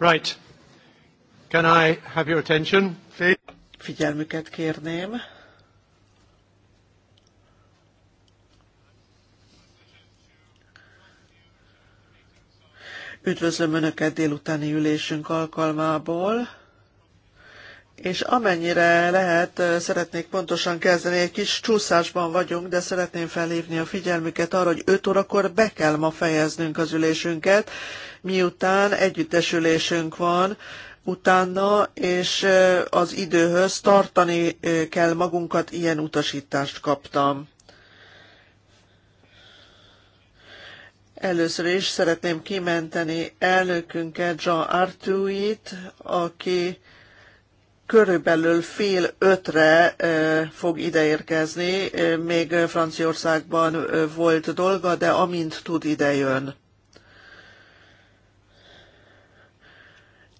Right. Can I have your attention, please? Figyelmüket kérném. Üdvözlöm Önöket délutáni ülésünk alkalmából és amennyire lehet, szeretnék pontosan kezdeni, egy kis csúszásban vagyunk, de szeretném felhívni a figyelmüket arra, hogy 5 órakor be kell ma fejeznünk az ülésünket, miután együttesülésünk van, utána, és az időhöz tartani kell magunkat, ilyen utasítást kaptam. Először is szeretném kimenteni elnökünket, Jean Artuit, aki körülbelül fél ötre fog ideérkezni, még Franciaországban volt dolga, de amint tud idejön.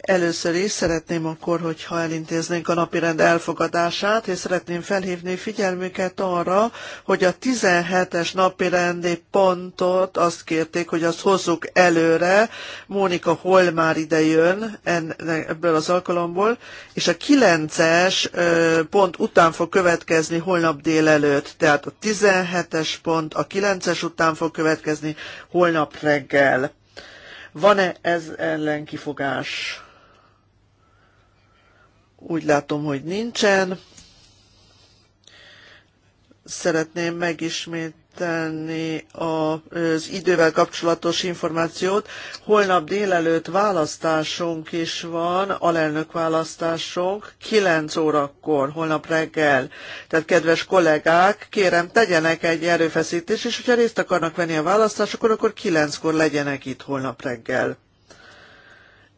Először is szeretném akkor, hogyha elintéznénk a napirend elfogadását, és szeretném felhívni figyelmüket arra, hogy a 17-es napirendi pontot azt kérték, hogy azt hozzuk előre, Mónika ide idejön ebből az alkalomból, és a 9-es pont után fog következni holnap délelőtt, tehát a 17-es pont a 9-es után fog következni holnap reggel. Van-e ez ellen kifogás? Úgy látom, hogy nincsen. Szeretném megismételni az idővel kapcsolatos információt. Holnap délelőtt választásunk is van, alelnök választásunk, 9 órakor, holnap reggel. Tehát kedves kollégák, kérem, tegyenek egy erőfeszítést, és hogyha részt akarnak venni a választásokon, akkor 9-kor legyenek itt holnap reggel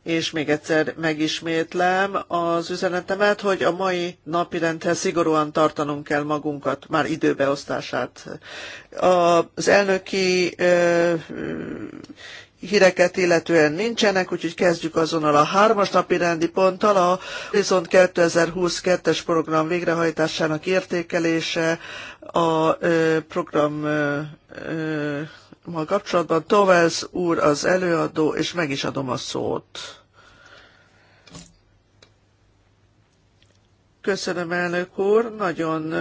és még egyszer megismétlem az üzenetemet, hogy a mai rendhez szigorúan tartanunk kell magunkat, már időbeosztását. Az elnöki híreket illetően nincsenek, úgyhogy kezdjük azonnal a hármas napi rendi ponttal, a Horizont 2022-es program végrehajtásának értékelése, a program ma kapcsolatban. Tovels úr az előadó, és meg is adom a szót. Köszönöm, elnök úr. Nagyon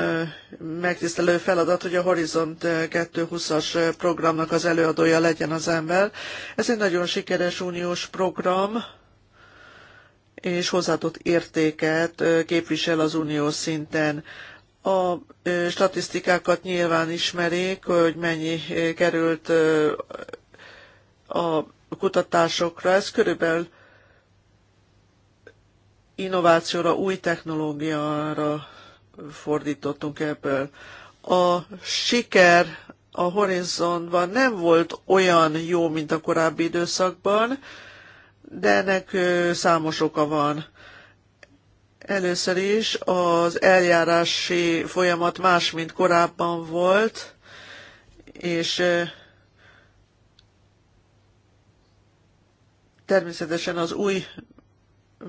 megtisztelő feladat, hogy a Horizont 2020-as programnak az előadója legyen az ember. Ez egy nagyon sikeres uniós program, és hozzáadott értéket képvisel az unió szinten. A statisztikákat nyilván ismerik, hogy mennyi került a kutatásokra. Ez körülbelül innovációra, új technológiára fordítottunk ebből. A siker a horizontban nem volt olyan jó, mint a korábbi időszakban, de ennek számos oka van. Először is az eljárási folyamat más, mint korábban volt, és természetesen az új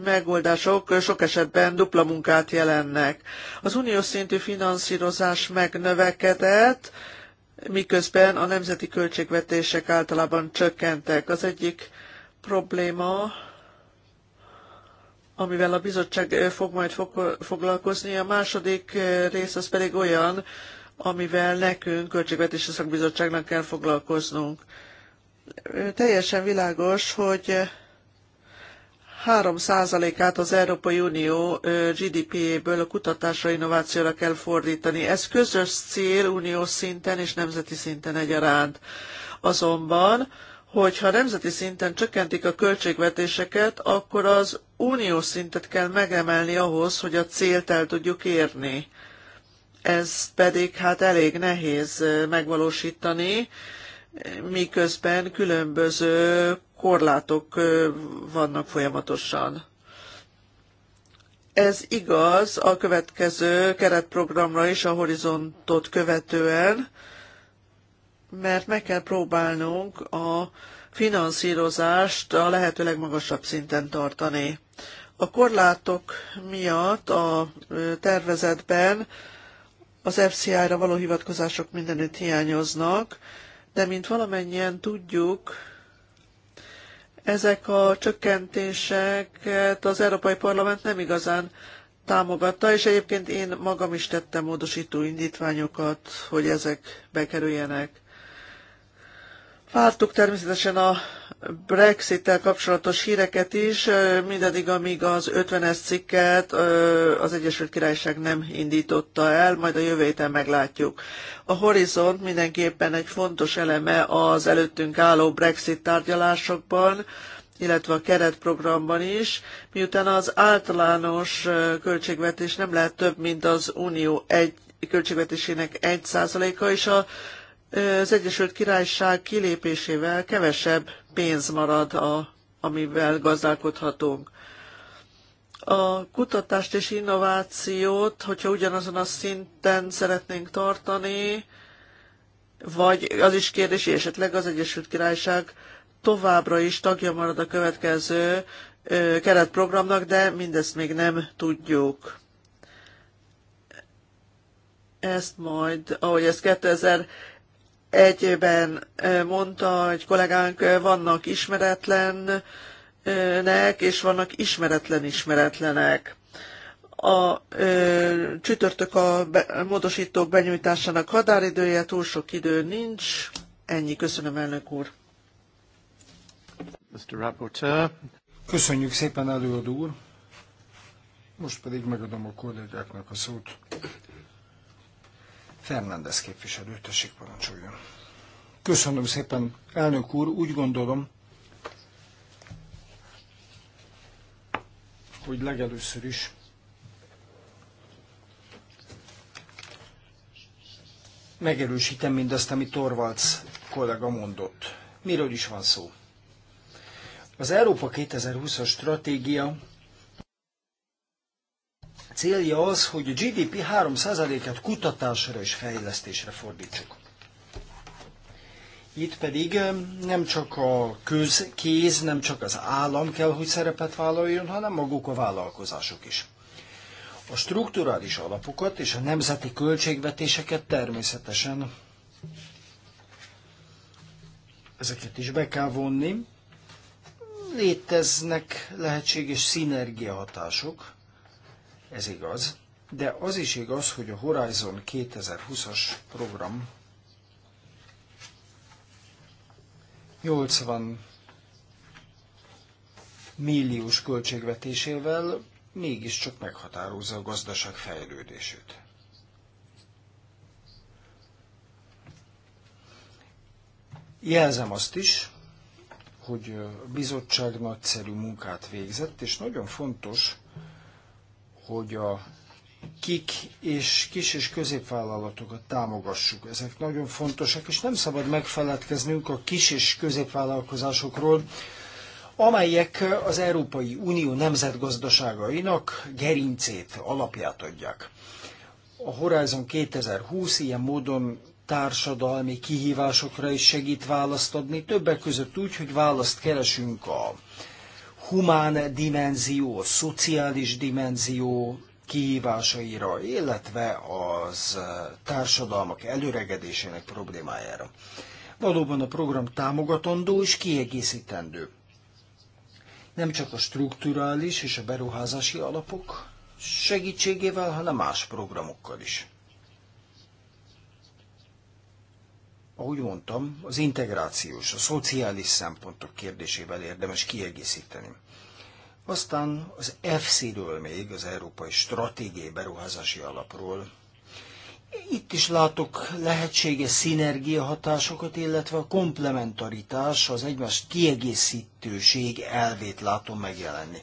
megoldások sok esetben dupla munkát jelennek. Az uniós szintű finanszírozás megnövekedett, miközben a nemzeti költségvetések általában csökkentek. Az egyik probléma amivel a bizottság fog majd foglalkozni. A második rész az pedig olyan, amivel nekünk, Költségvetési Szakbizottságnak kell foglalkoznunk. Teljesen világos, hogy 3%-át az Európai Unió GDP-ből a kutatásra, innovációra kell fordítani. Ez közös cél uniós szinten és nemzeti szinten egyaránt. Azonban hogyha nemzeti szinten csökkentik a költségvetéseket, akkor az uniós szintet kell megemelni ahhoz, hogy a célt el tudjuk érni. Ez pedig hát elég nehéz eh, megvalósítani, miközben különböző korlátok eh, vannak folyamatosan. Ez igaz a következő keretprogramra is a horizontot követően, mert meg kell próbálnunk a finanszírozást a lehető legmagasabb szinten tartani. A korlátok miatt a tervezetben az FCI-ra való hivatkozások mindenütt hiányoznak, de mint valamennyien tudjuk, ezek a csökkentéseket az Európai Parlament nem igazán támogatta, és egyébként én magam is tettem módosító indítványokat, hogy ezek bekerüljenek. Vártuk természetesen a Brexit-tel kapcsolatos híreket is, mindaddig, amíg az 50-es cikket az Egyesült Királyság nem indította el, majd a jövő héten meglátjuk. A Horizont mindenképpen egy fontos eleme az előttünk álló Brexit tárgyalásokban, illetve a keretprogramban is, miután az általános költségvetés nem lehet több, mint az Unió egy költségvetésének 1%-a, és a az Egyesült Királyság kilépésével kevesebb pénz marad, a, amivel gazdálkodhatunk. A kutatást és innovációt, hogyha ugyanazon a szinten szeretnénk tartani, vagy az is kérdés, hogy esetleg az Egyesült Királyság továbbra is tagja marad a következő keretprogramnak, de mindezt még nem tudjuk. Ezt majd, ahogy ez 2000 egyben mondta egy kollégánk, vannak ismeretlenek, és vannak ismeretlen ismeretlenek. A ö, csütörtök a, be, a módosítók benyújtásának határidője, túl sok idő nincs. Ennyi, köszönöm elnök úr. Mr. Köszönjük szépen előadó úr. Most pedig megadom a kollégáknak a szót. Fernández képviselő, tessék parancsoljon. Köszönöm szépen, elnök úr, úgy gondolom, hogy legelőször is megerősítem mindazt, amit Torvalds kollega mondott. Miről is van szó? Az Európa 2020-as stratégia Célja az, hogy a GDP 3%-át kutatásra és fejlesztésre fordítsuk. Itt pedig nem csak a köz, kéz, nem csak az állam kell, hogy szerepet vállaljon, hanem maguk a vállalkozások is. A strukturális alapokat és a nemzeti költségvetéseket természetesen ezeket is be kell vonni. Léteznek lehetséges szinergiahatások, ez igaz, de az is igaz, hogy a Horizon 2020-as program 80 milliós költségvetésével mégiscsak meghatározza a gazdaság fejlődését. Jelzem azt is, hogy a bizottság nagyszerű munkát végzett, és nagyon fontos, hogy a kik és kis és középvállalatokat támogassuk. Ezek nagyon fontosak, és nem szabad megfeledkeznünk a kis és középvállalkozásokról, amelyek az Európai Unió nemzetgazdaságainak gerincét, alapját adják. A Horizon 2020 ilyen módon társadalmi kihívásokra is segít választ adni, többek között úgy, hogy választ keresünk a humán dimenzió, a szociális dimenzió kihívásaira, illetve az eh, társadalmak előregedésének problémájára. Valóban a program támogatandó és kiegészítendő. Nem csak a strukturális és a beruházási alapok segítségével, hanem más programokkal is. ahogy mondtam, az integrációs, a szociális szempontok kérdésével érdemes kiegészíteni. Aztán az EFSZ-ről még, az Európai Stratégiai Beruházási Alapról. Itt is látok lehetséges szinergiahatásokat, illetve a komplementaritás, az egymást kiegészítőség elvét látom megjelenni.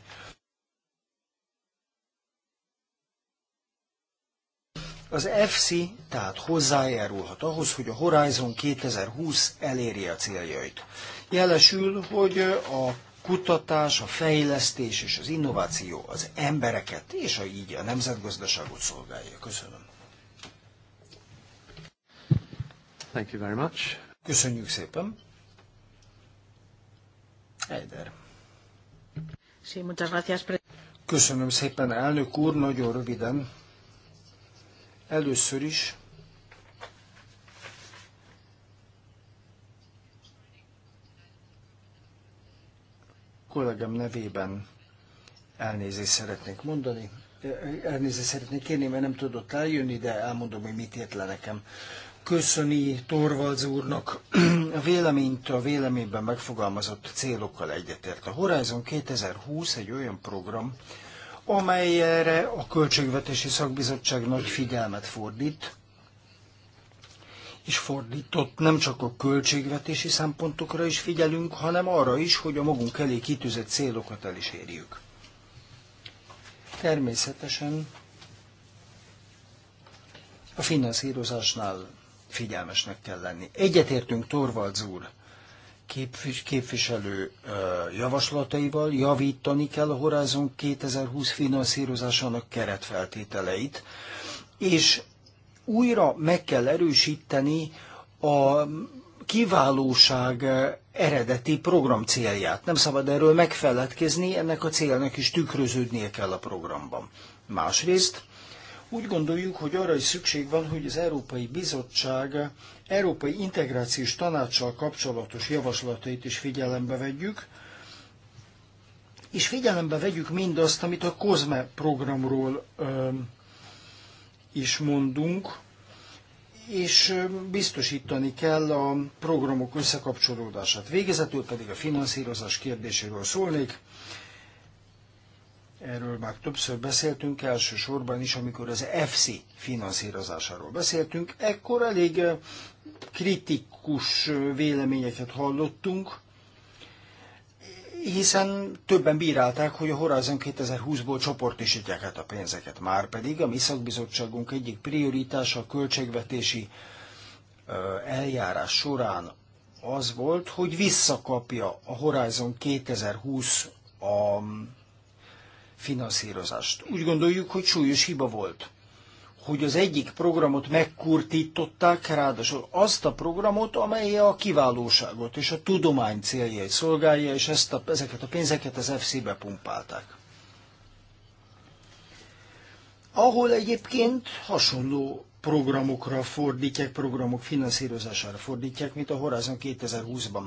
Az FC tehát hozzájárulhat ahhoz, hogy a Horizon 2020 elérje a céljait. Jelesül, hogy a kutatás, a fejlesztés és az innováció az embereket és a így a nemzetgazdaságot szolgálja. Köszönöm. Thank you very much. Köszönjük szépen. Eider. Sí, muchas gracias. Köszönöm szépen, elnök úr, nagyon röviden. Először is kollégám nevében elnézést szeretnék mondani. Elnézést szeretnék kérni, mert nem tudott eljönni, de elmondom, hogy mit ért le nekem. Köszöni Torvalds úrnak a véleményt a véleményben megfogalmazott célokkal egyetért. A Horizon 2020 egy olyan program, amelyre a Költségvetési Szakbizottság nagy figyelmet fordít, és fordított nem csak a költségvetési szempontokra is figyelünk, hanem arra is, hogy a magunk elé kitűzett célokat el is érjük. Természetesen a finanszírozásnál figyelmesnek kell lenni. Egyetértünk Torvalds úr képvis, képviselő javaslataival javítani kell a Horizon 2020 finanszírozásának keretfeltételeit, és újra meg kell erősíteni a kiválóság eredeti program célját. Nem szabad erről megfeledkezni, ennek a célnak is tükröződnie kell a programban. Másrészt úgy gondoljuk, hogy arra is szükség van, hogy az Európai Bizottság Európai Integrációs Tanácssal kapcsolatos javaslatait is figyelembe vegyük, és figyelembe vegyük mindazt, amit a COSME programról ö, is mondunk, és biztosítani kell a programok összekapcsolódását. Végezetül pedig a finanszírozás kérdéséről szólnék erről már többször beszéltünk, elsősorban is, amikor az FC finanszírozásáról beszéltünk, ekkor elég eh, kritikus eh, véleményeket hallottunk, hiszen többen bírálták, hogy a Horizon 2020-ból csoportosítják át a pénzeket. Márpedig a mi szakbizottságunk egyik prioritása a költségvetési eh, eljárás során az volt, hogy visszakapja a Horizon 2020 a finanszírozást. Úgy gondoljuk, hogy súlyos hiba volt, hogy az egyik programot megkurtították, ráadásul azt a programot, amely a kiválóságot és a tudomány céljait szolgálja, és ezt a, ezeket a pénzeket az FC-be pumpálták. Ahol egyébként hasonló programokra fordítják, programok finanszírozására fordítják, mint a Horizon 2020-ban.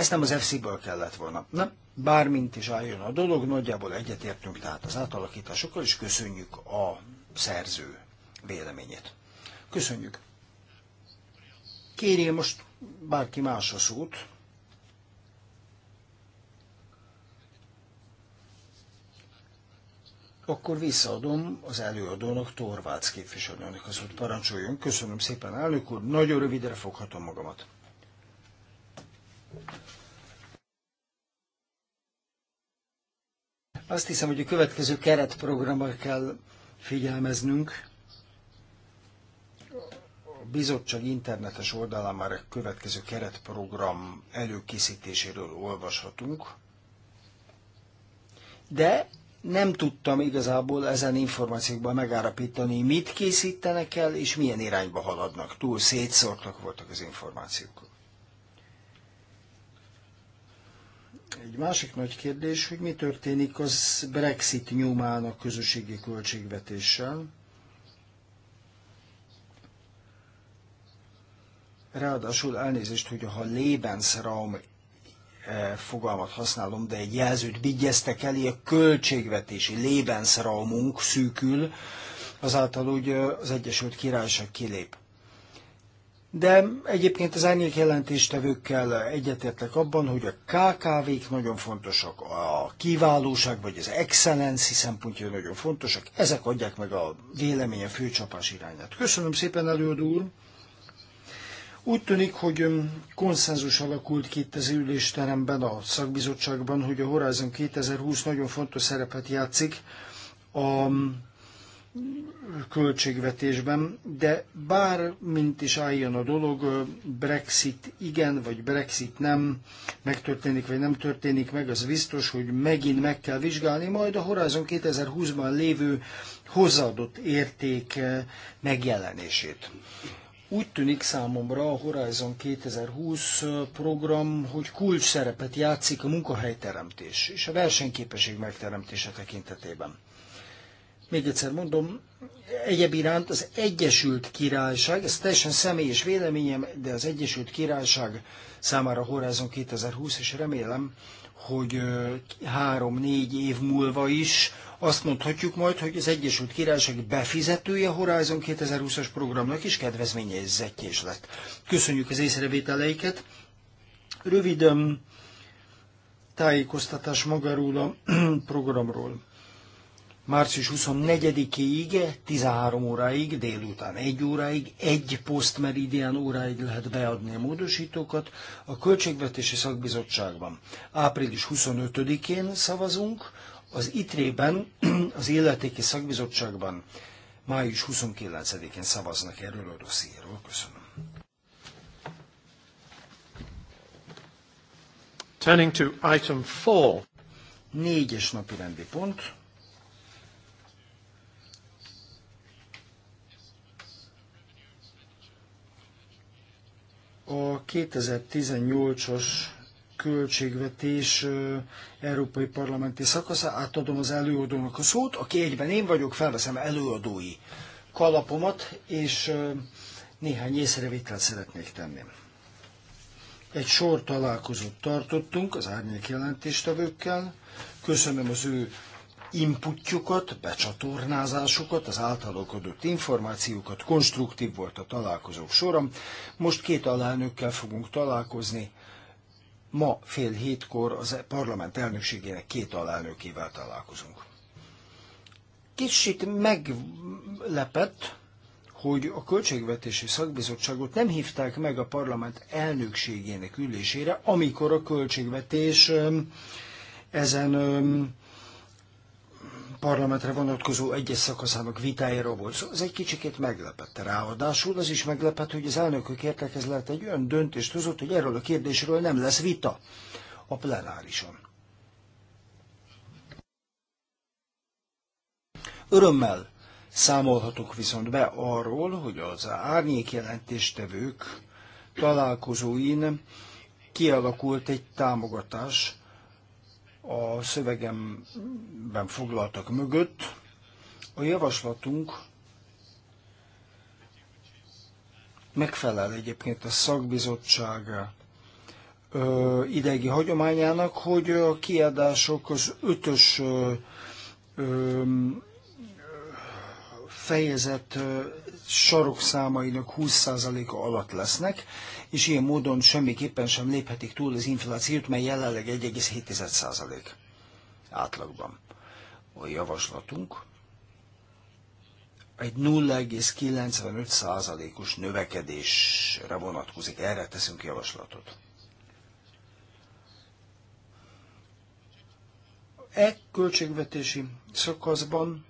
Ezt nem az FC-ből kellett volna. Na, bármint is álljon a dolog, nagyjából egyetértünk tehát az átalakításokkal, és köszönjük a szerző véleményét. Köszönjük. Kérjél most bárki más a szót. Akkor visszaadom az előadónak, Torvács képviselőnek az ott parancsoljon. Köszönöm szépen, elnök úr, nagyon rövidre foghatom magamat. Azt hiszem, hogy a következő keretprogramra kell figyelmeznünk. A bizottság internetes oldalán már a következő keretprogram előkészítéséről olvashatunk. De nem tudtam igazából ezen információkban megállapítani, mit készítenek el, és milyen irányba haladnak. Túl szétszórtak voltak az információk. Egy másik nagy kérdés, hogy mi történik az Brexit nyomán a közösségi költségvetéssel. Ráadásul elnézést, hogy ha Lebensraum eh, fogalmat használom, de egy jelzőt vigyeztek elé, a költségvetési Lebensraumunk szűkül, azáltal, hogy eh, az Egyesült Királyság kilép. De egyébként az árnyék jelentéstevőkkel egyetértek abban, hogy a KKV-k nagyon fontosak, a kiválóság vagy az excellenci szempontja nagyon fontosak, ezek adják meg a véleménye főcsapás irányát. Köszönöm szépen, előadó úr! Úgy tűnik, hogy um, konszenzus alakult ki itt az ülésteremben, a szakbizottságban, hogy a Horizon 2020 nagyon fontos szerepet játszik a um, költségvetésben, de bár mint is álljon a dolog, Brexit igen, vagy Brexit nem, megtörténik, vagy nem történik meg, az biztos, hogy megint meg kell vizsgálni, majd a Horizon 2020-ban lévő hozzáadott érték eh, megjelenését. Úgy tűnik számomra a Horizon 2020 eh, program, hogy kulcs szerepet játszik a munkahelyteremtés és a versenyképesség megteremtése tekintetében. Még egyszer mondom, egyéb iránt az Egyesült Királyság, ez teljesen személyes véleményem, de az Egyesült Királyság számára Horizon 2020, és remélem, hogy három-négy év múlva is azt mondhatjuk majd, hogy az Egyesült Királyság befizetője Horizon 2020-as programnak is és is lett. Köszönjük az észrevételeiket. Röviden tájékoztatás magáról a programról március 24-ig, 13 óráig, délután 1 óráig, egy posztmeridian óráig lehet beadni a módosítókat a Költségvetési Szakbizottságban. Április 25-én szavazunk, az ITRE-ben, az Illetéki Szakbizottságban május 29-én szavaznak erről a dossziéről. Köszönöm. Turning to item four. Négyes napi rendi pont. A 2018 os költségvetés Európai Parlamenti szakasza, átadom az előadónak a szót, aki egyben én vagyok, felveszem előadói kalapomat, és néhány észrevételt szeretnék tenni. Egy sor találkozót tartottunk az árnyék jelentéstevőkkel, köszönöm az ő inputjukat, becsatornázásukat, az általuk adott információkat, konstruktív volt a találkozók soram. Most két alelnökkel fogunk találkozni, ma fél hétkor az parlament elnökségének két alelnökével találkozunk. Kicsit meglepett, hogy a Költségvetési Szakbizottságot nem hívták meg a parlament elnökségének ülésére, amikor a költségvetés ezen parlamentre vonatkozó egyes szakaszának vitájáról volt szó. ez egy kicsikét meglepett. Ráadásul az is meglepett, hogy az elnökök értekezlet egy olyan döntést hozott, hogy erről a kérdésről nem lesz vita a plenárison. Örömmel számolhatok viszont be arról, hogy az árnyék jelentéstevők találkozóin kialakult egy támogatás, a szövegemben foglaltak mögött. A javaslatunk megfelel egyébként a szakbizottság idegi hagyományának, hogy a kiadások az ötös fejezet sarokszámainak 20%-a alatt lesznek, és ilyen módon semmiképpen sem léphetik túl az inflációt, mely jelenleg 1,7% átlagban. A javaslatunk egy 0,95%-os növekedésre vonatkozik, erre teszünk javaslatot. E költségvetési szakaszban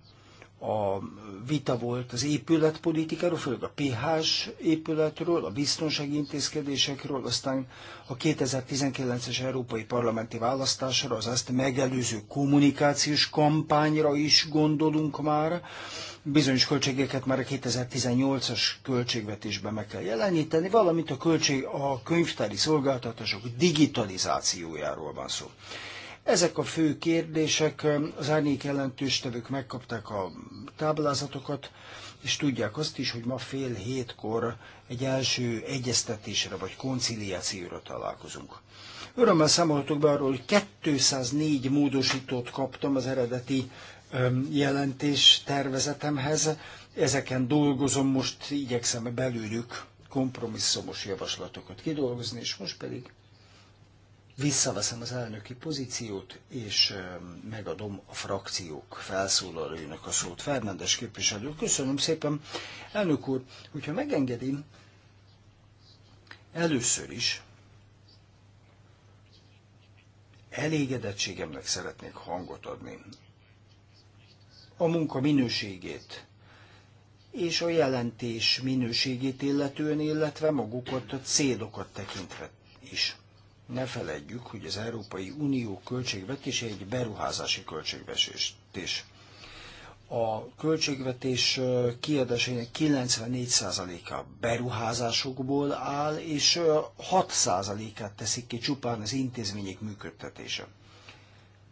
a vita volt az épületpolitikáról, főleg a ph épületről, a biztonsági intézkedésekről, aztán a 2019-es európai parlamenti választásra, az azt megelőző kommunikációs kampányra is gondolunk már. Bizonyos költségeket már a 2018-as költségvetésben meg kell jeleníteni, valamint a, költség, a könyvtári szolgáltatások digitalizációjáról van szó. Ezek a fő kérdések, az árnyék jelentőstevők megkapták a táblázatokat, és tudják azt is, hogy ma fél hétkor egy első egyeztetésre vagy konciliációra találkozunk. Örömmel számolhatok be arról, hogy 204 módosítót kaptam az eredeti jelentés tervezetemhez. Ezeken dolgozom, most igyekszem belőlük kompromisszumos javaslatokat kidolgozni, és most pedig visszaveszem az elnöki pozíciót, és megadom a frakciók felszólalóinak a szót. Fernándes képviselő, köszönöm szépen. Elnök úr, hogyha megengedi, először is elégedettségemnek szeretnék hangot adni. A munka minőségét és a jelentés minőségét illetően, illetve magukat a célokat tekintve is. Ne feledjük, hogy az Európai Unió költségvetése egy beruházási költségvetés. A költségvetés kiadásainak 94%-a beruházásokból áll, és 6%-át teszik ki csupán az intézmények működtetése.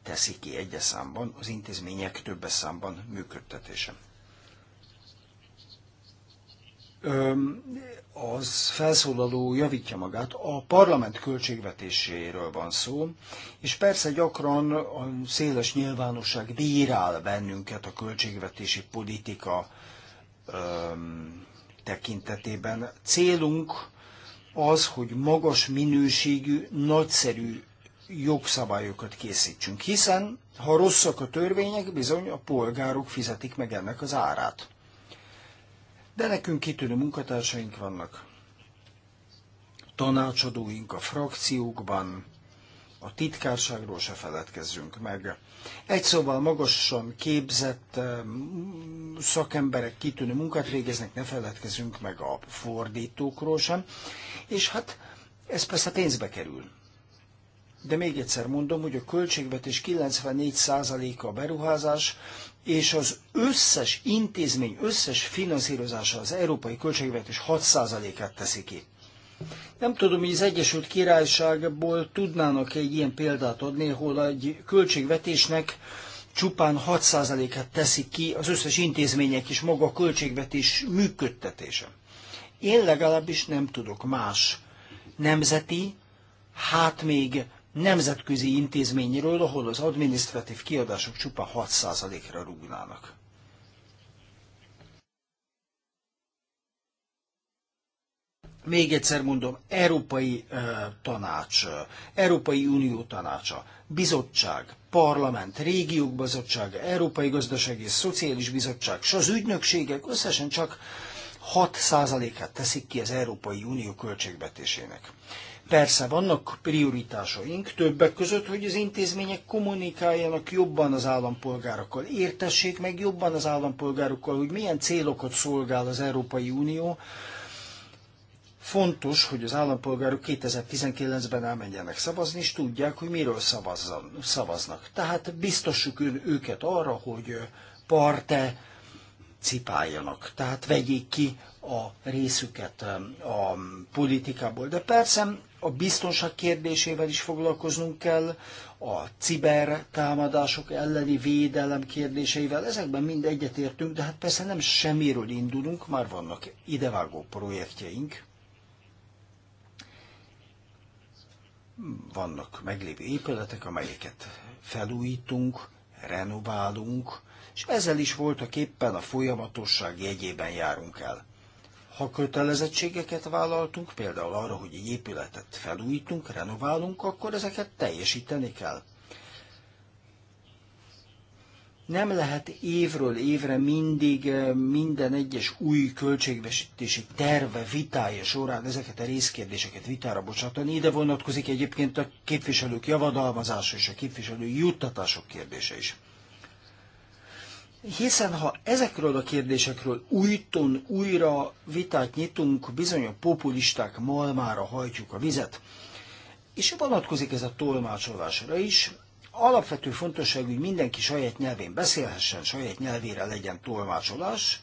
Teszik ki egyes számban, az intézmények többes számban működtetése az felszólaló javítja magát, a parlament költségvetéséről van szó, és persze gyakran a széles nyilvánosság bírál bennünket a költségvetési politika öm, tekintetében. Célunk az, hogy magas minőségű, nagyszerű jogszabályokat készítsünk, hiszen ha rosszak a törvények, bizony a polgárok fizetik meg ennek az árát de nekünk kitűnő munkatársaink vannak. Tanácsadóink a frakciókban, a titkárságról se feledkezzünk meg. Egy szóval magasan képzett eh, szakemberek kitűnő munkát végeznek, ne feledkezzünk meg a fordítókról sem, és hát ez persze pénzbe kerül. De még egyszer mondom, hogy a költségvetés 94%-a a beruházás, és az összes intézmény, összes finanszírozása az európai költségvetés 6%-át teszi ki. Nem tudom, hogy az Egyesült Királyságból tudnának egy ilyen példát adni, hol egy költségvetésnek csupán 6%-át teszik ki az összes intézmények és maga a költségvetés működtetése. Én legalábbis nem tudok más nemzeti, hát még nemzetközi intézményről, ahol az adminisztratív kiadások csupa 6%-ra rúgnának. Még egyszer mondom, Európai uh, Tanács, Európai Unió Tanácsa, Bizottság, Parlament, Régiók Bizottsága, Európai Gazdasági és Szociális Bizottság, és az ügynökségek összesen csak 6%-át teszik ki az Európai Unió költségvetésének. Persze vannak prioritásaink többek között, hogy az intézmények kommunikáljanak jobban az állampolgárokkal, értessék meg jobban az állampolgárokkal, hogy milyen célokat szolgál az Európai Unió. Fontos, hogy az állampolgárok 2019-ben elmenjenek szavazni, és tudják, hogy miről szavazzan, szavaznak. Tehát biztosuk őket arra, hogy parte cipáljanak. Tehát vegyék ki a részüket um, a politikából. De persze a biztonság kérdésével is foglalkoznunk kell, a ciber támadások elleni védelem kérdéseivel, ezekben mind egyetértünk, de hát persze nem semmiről indulunk, már vannak idevágó projektjeink, vannak meglévő épületek, amelyeket felújítunk, renoválunk, és ezzel is voltak éppen a folyamatosság jegyében járunk el. Ha kötelezettségeket vállaltunk, például arra, hogy egy épületet felújítunk, renoválunk, akkor ezeket teljesíteni kell. Nem lehet évről évre mindig eh, minden egyes új költségvetési terve vitája során ezeket a részkérdéseket vitára bocsátani. Ide vonatkozik egyébként a képviselők javadalmazása és a képviselői juttatások kérdése is. Hiszen ha ezekről a kérdésekről újton újra vitát nyitunk, bizony a populisták malmára hajtjuk a vizet. És vonatkozik ez a tolmácsolásra is. Alapvető fontosság, hogy mindenki saját nyelvén beszélhessen, saját nyelvére legyen tolmácsolás.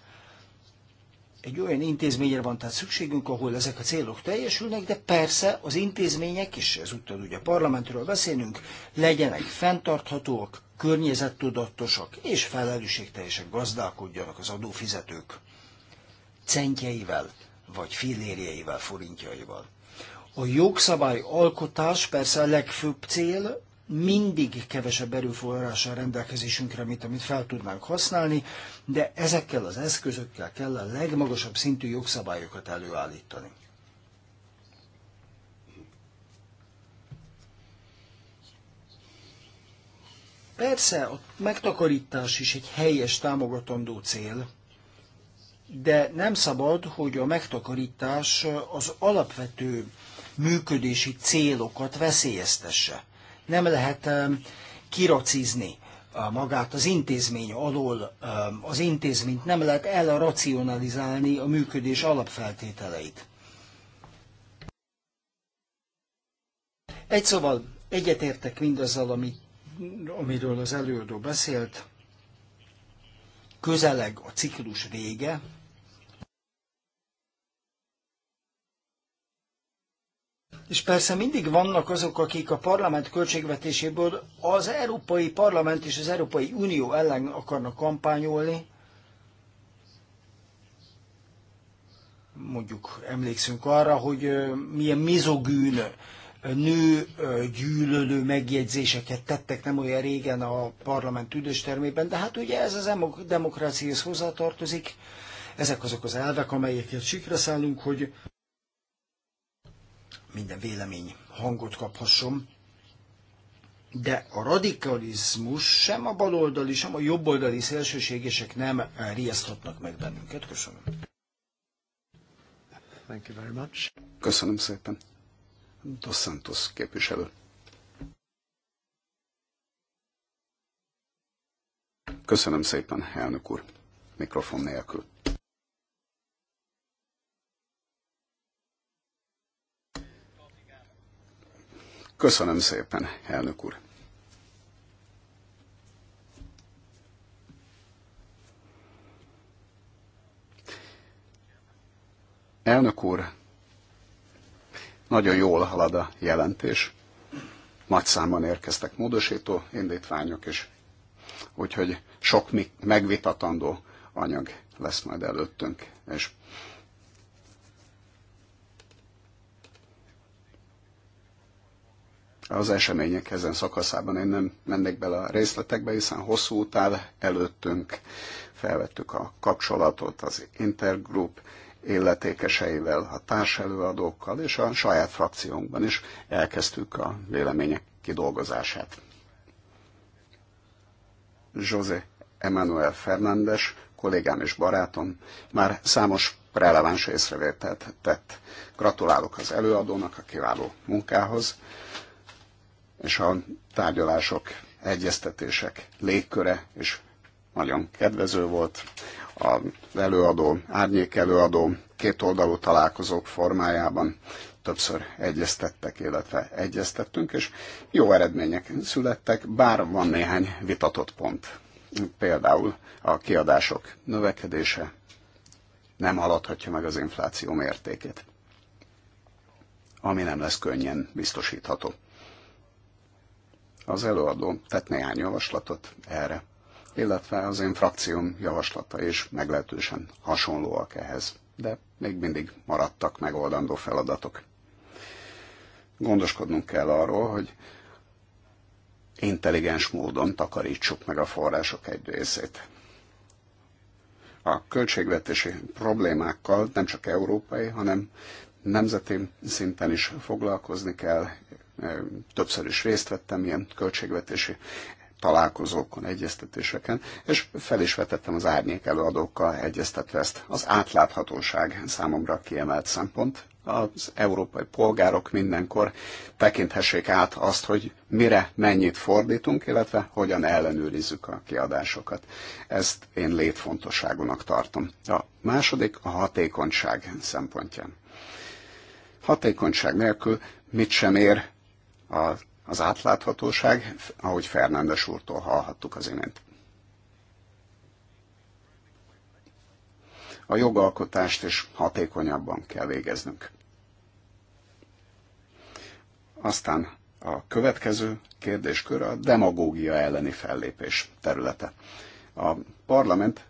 Egy olyan intézményre van tehát szükségünk, ahol ezek a célok teljesülnek, de persze az intézmények, és ezúttal ugye a parlamentről beszélünk, legyenek fenntarthatóak, környezettudatosak és felelősségteljesen gazdálkodjanak az adófizetők centjeivel vagy fillérjeivel, forintjaival. A jogszabály alkotás persze a legfőbb cél, mindig kevesebb a rendelkezésünkre, mint amit fel tudnánk használni, de ezekkel az eszközökkel kell a legmagasabb szintű jogszabályokat előállítani. Persze a megtakarítás is egy helyes támogatandó cél, de nem szabad, hogy a megtakarítás az alapvető működési célokat veszélyeztesse. Nem lehet kiracizni magát az intézmény alól, az intézményt nem lehet elracionalizálni a működés alapfeltételeit. Egy szóval egyetértek mindazzal, amit amiről az előadó beszélt, közeleg a ciklus vége, És persze mindig vannak azok, akik a parlament költségvetéséből az Európai Parlament és az Európai Unió ellen akarnak kampányolni. Mondjuk emlékszünk arra, hogy milyen mizogűn nő gyűlölő megjegyzéseket tettek nem olyan régen a parlament termében, de hát ugye ez a demokráciához hozzátartozik. Ezek azok az elvek, amelyekért sikre szállunk, hogy minden vélemény hangot kaphasson. De a radikalizmus sem a baloldali, sem a jobboldali szélsőségesek nem riaszthatnak meg bennünket. Köszönöm. Thank you very much. Köszönöm szépen. Dos Santos képviselő. Köszönöm szépen, elnök úr. Mikrofon nélkül. Köszönöm szépen, elnök úr. Elnök úr, nagyon jól halad a jelentés. Nagy számban érkeztek módosító indítványok is, úgyhogy sok megvitatandó anyag lesz majd előttünk, és az események ezen szakaszában én nem mennék bele a részletekbe, hiszen hosszú utál előttünk felvettük a kapcsolatot az Intergroup illetékeseivel, a társelőadókkal és a saját frakciónkban is elkezdtük a vélemények kidolgozását. José Emmanuel Fernández, kollégám és barátom, már számos releváns észrevételt tett. Gratulálok az előadónak a kiváló munkához, és a tárgyalások, egyeztetések légköre is nagyon kedvező volt a előadó, árnyék előadó kétoldalú találkozók formájában többször egyeztettek, illetve egyeztettünk, és jó eredmények születtek, bár van néhány vitatott pont. Például a kiadások növekedése nem haladhatja meg az infláció mértékét, ami nem lesz könnyen biztosítható. Az előadó tett néhány javaslatot erre illetve az én frakcióm javaslata is meglehetősen hasonlóak ehhez, de még mindig maradtak megoldandó feladatok. Gondoskodnunk kell arról, hogy intelligens módon takarítsuk meg a források egy részét. A költségvetési problémákkal nem csak európai, hanem nemzeti szinten is foglalkozni kell. Többször is részt vettem ilyen költségvetési találkozókon, egyeztetéseken, és fel is vetettem az árnyék előadókkal egyeztetve ezt. Az átláthatóság számomra kiemelt szempont. Az európai polgárok mindenkor tekinthessék át azt, hogy mire mennyit fordítunk, illetve hogyan ellenőrizzük a kiadásokat. Ezt én létfontosságúnak tartom. A második a hatékonyság szempontján. Hatékonyság nélkül mit sem ér a az átláthatóság, ahogy Fernándes úrtól hallhattuk az imént. A jogalkotást is hatékonyabban kell végeznünk. Aztán a következő kérdéskör a demagógia elleni fellépés területe. A parlament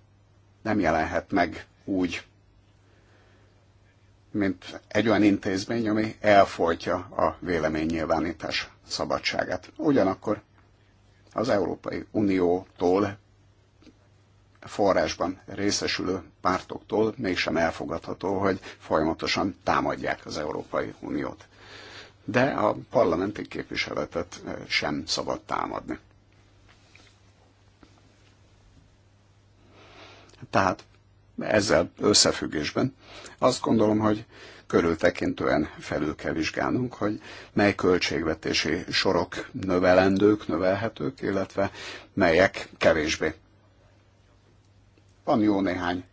nem jelenhet meg úgy, mint egy olyan intézmény, ami elfolytja a véleménynyilvánítás szabadságát. Ugyanakkor az Európai Uniótól forrásban részesülő pártoktól mégsem elfogadható, hogy folyamatosan támadják az Európai Uniót. De a parlamenti képviseletet sem szabad támadni. Tehát ezzel összefüggésben azt gondolom, hogy körültekintően felül kell vizsgálnunk, hogy mely költségvetési sorok növelendők, növelhetők, illetve melyek kevésbé. Van jó néhány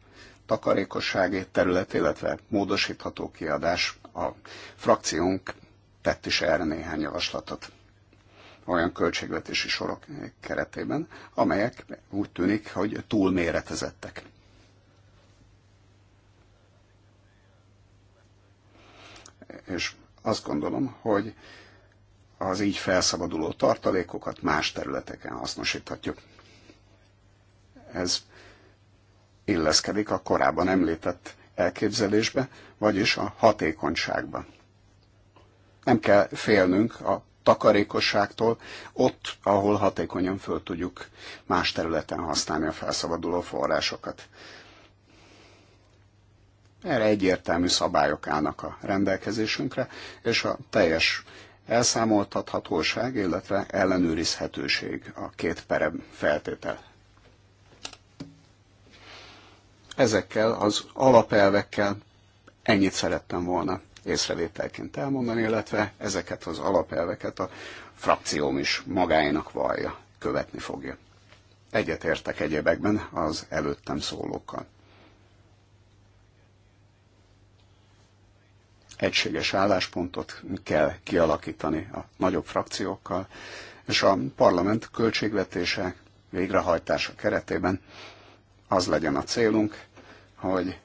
takarékossági terület, illetve módosítható kiadás. A frakciónk tett is erre néhány javaslatot olyan költségvetési sorok keretében, amelyek úgy tűnik, hogy túlméretezettek. és azt gondolom, hogy az így felszabaduló tartalékokat más területeken hasznosíthatjuk. Ez illeszkedik a korábban említett elképzelésbe, vagyis a hatékonyságba. Nem kell félnünk a takarékosságtól, ott, ahol hatékonyan föl tudjuk más területen használni a felszabaduló forrásokat. Erre egyértelmű szabályok állnak a rendelkezésünkre, és a teljes elszámoltathatóság, illetve ellenőrizhetőség a két perem feltétel. Ezekkel az alapelvekkel ennyit szerettem volna észrevételként elmondani, illetve ezeket az alapelveket a frakcióm is magáénak vallja, követni fogja. egyet értek egyebekben az előttem szólókkal. egységes álláspontot kell kialakítani a nagyobb frakciókkal, és a parlament költségvetése végrehajtása keretében az legyen a célunk, hogy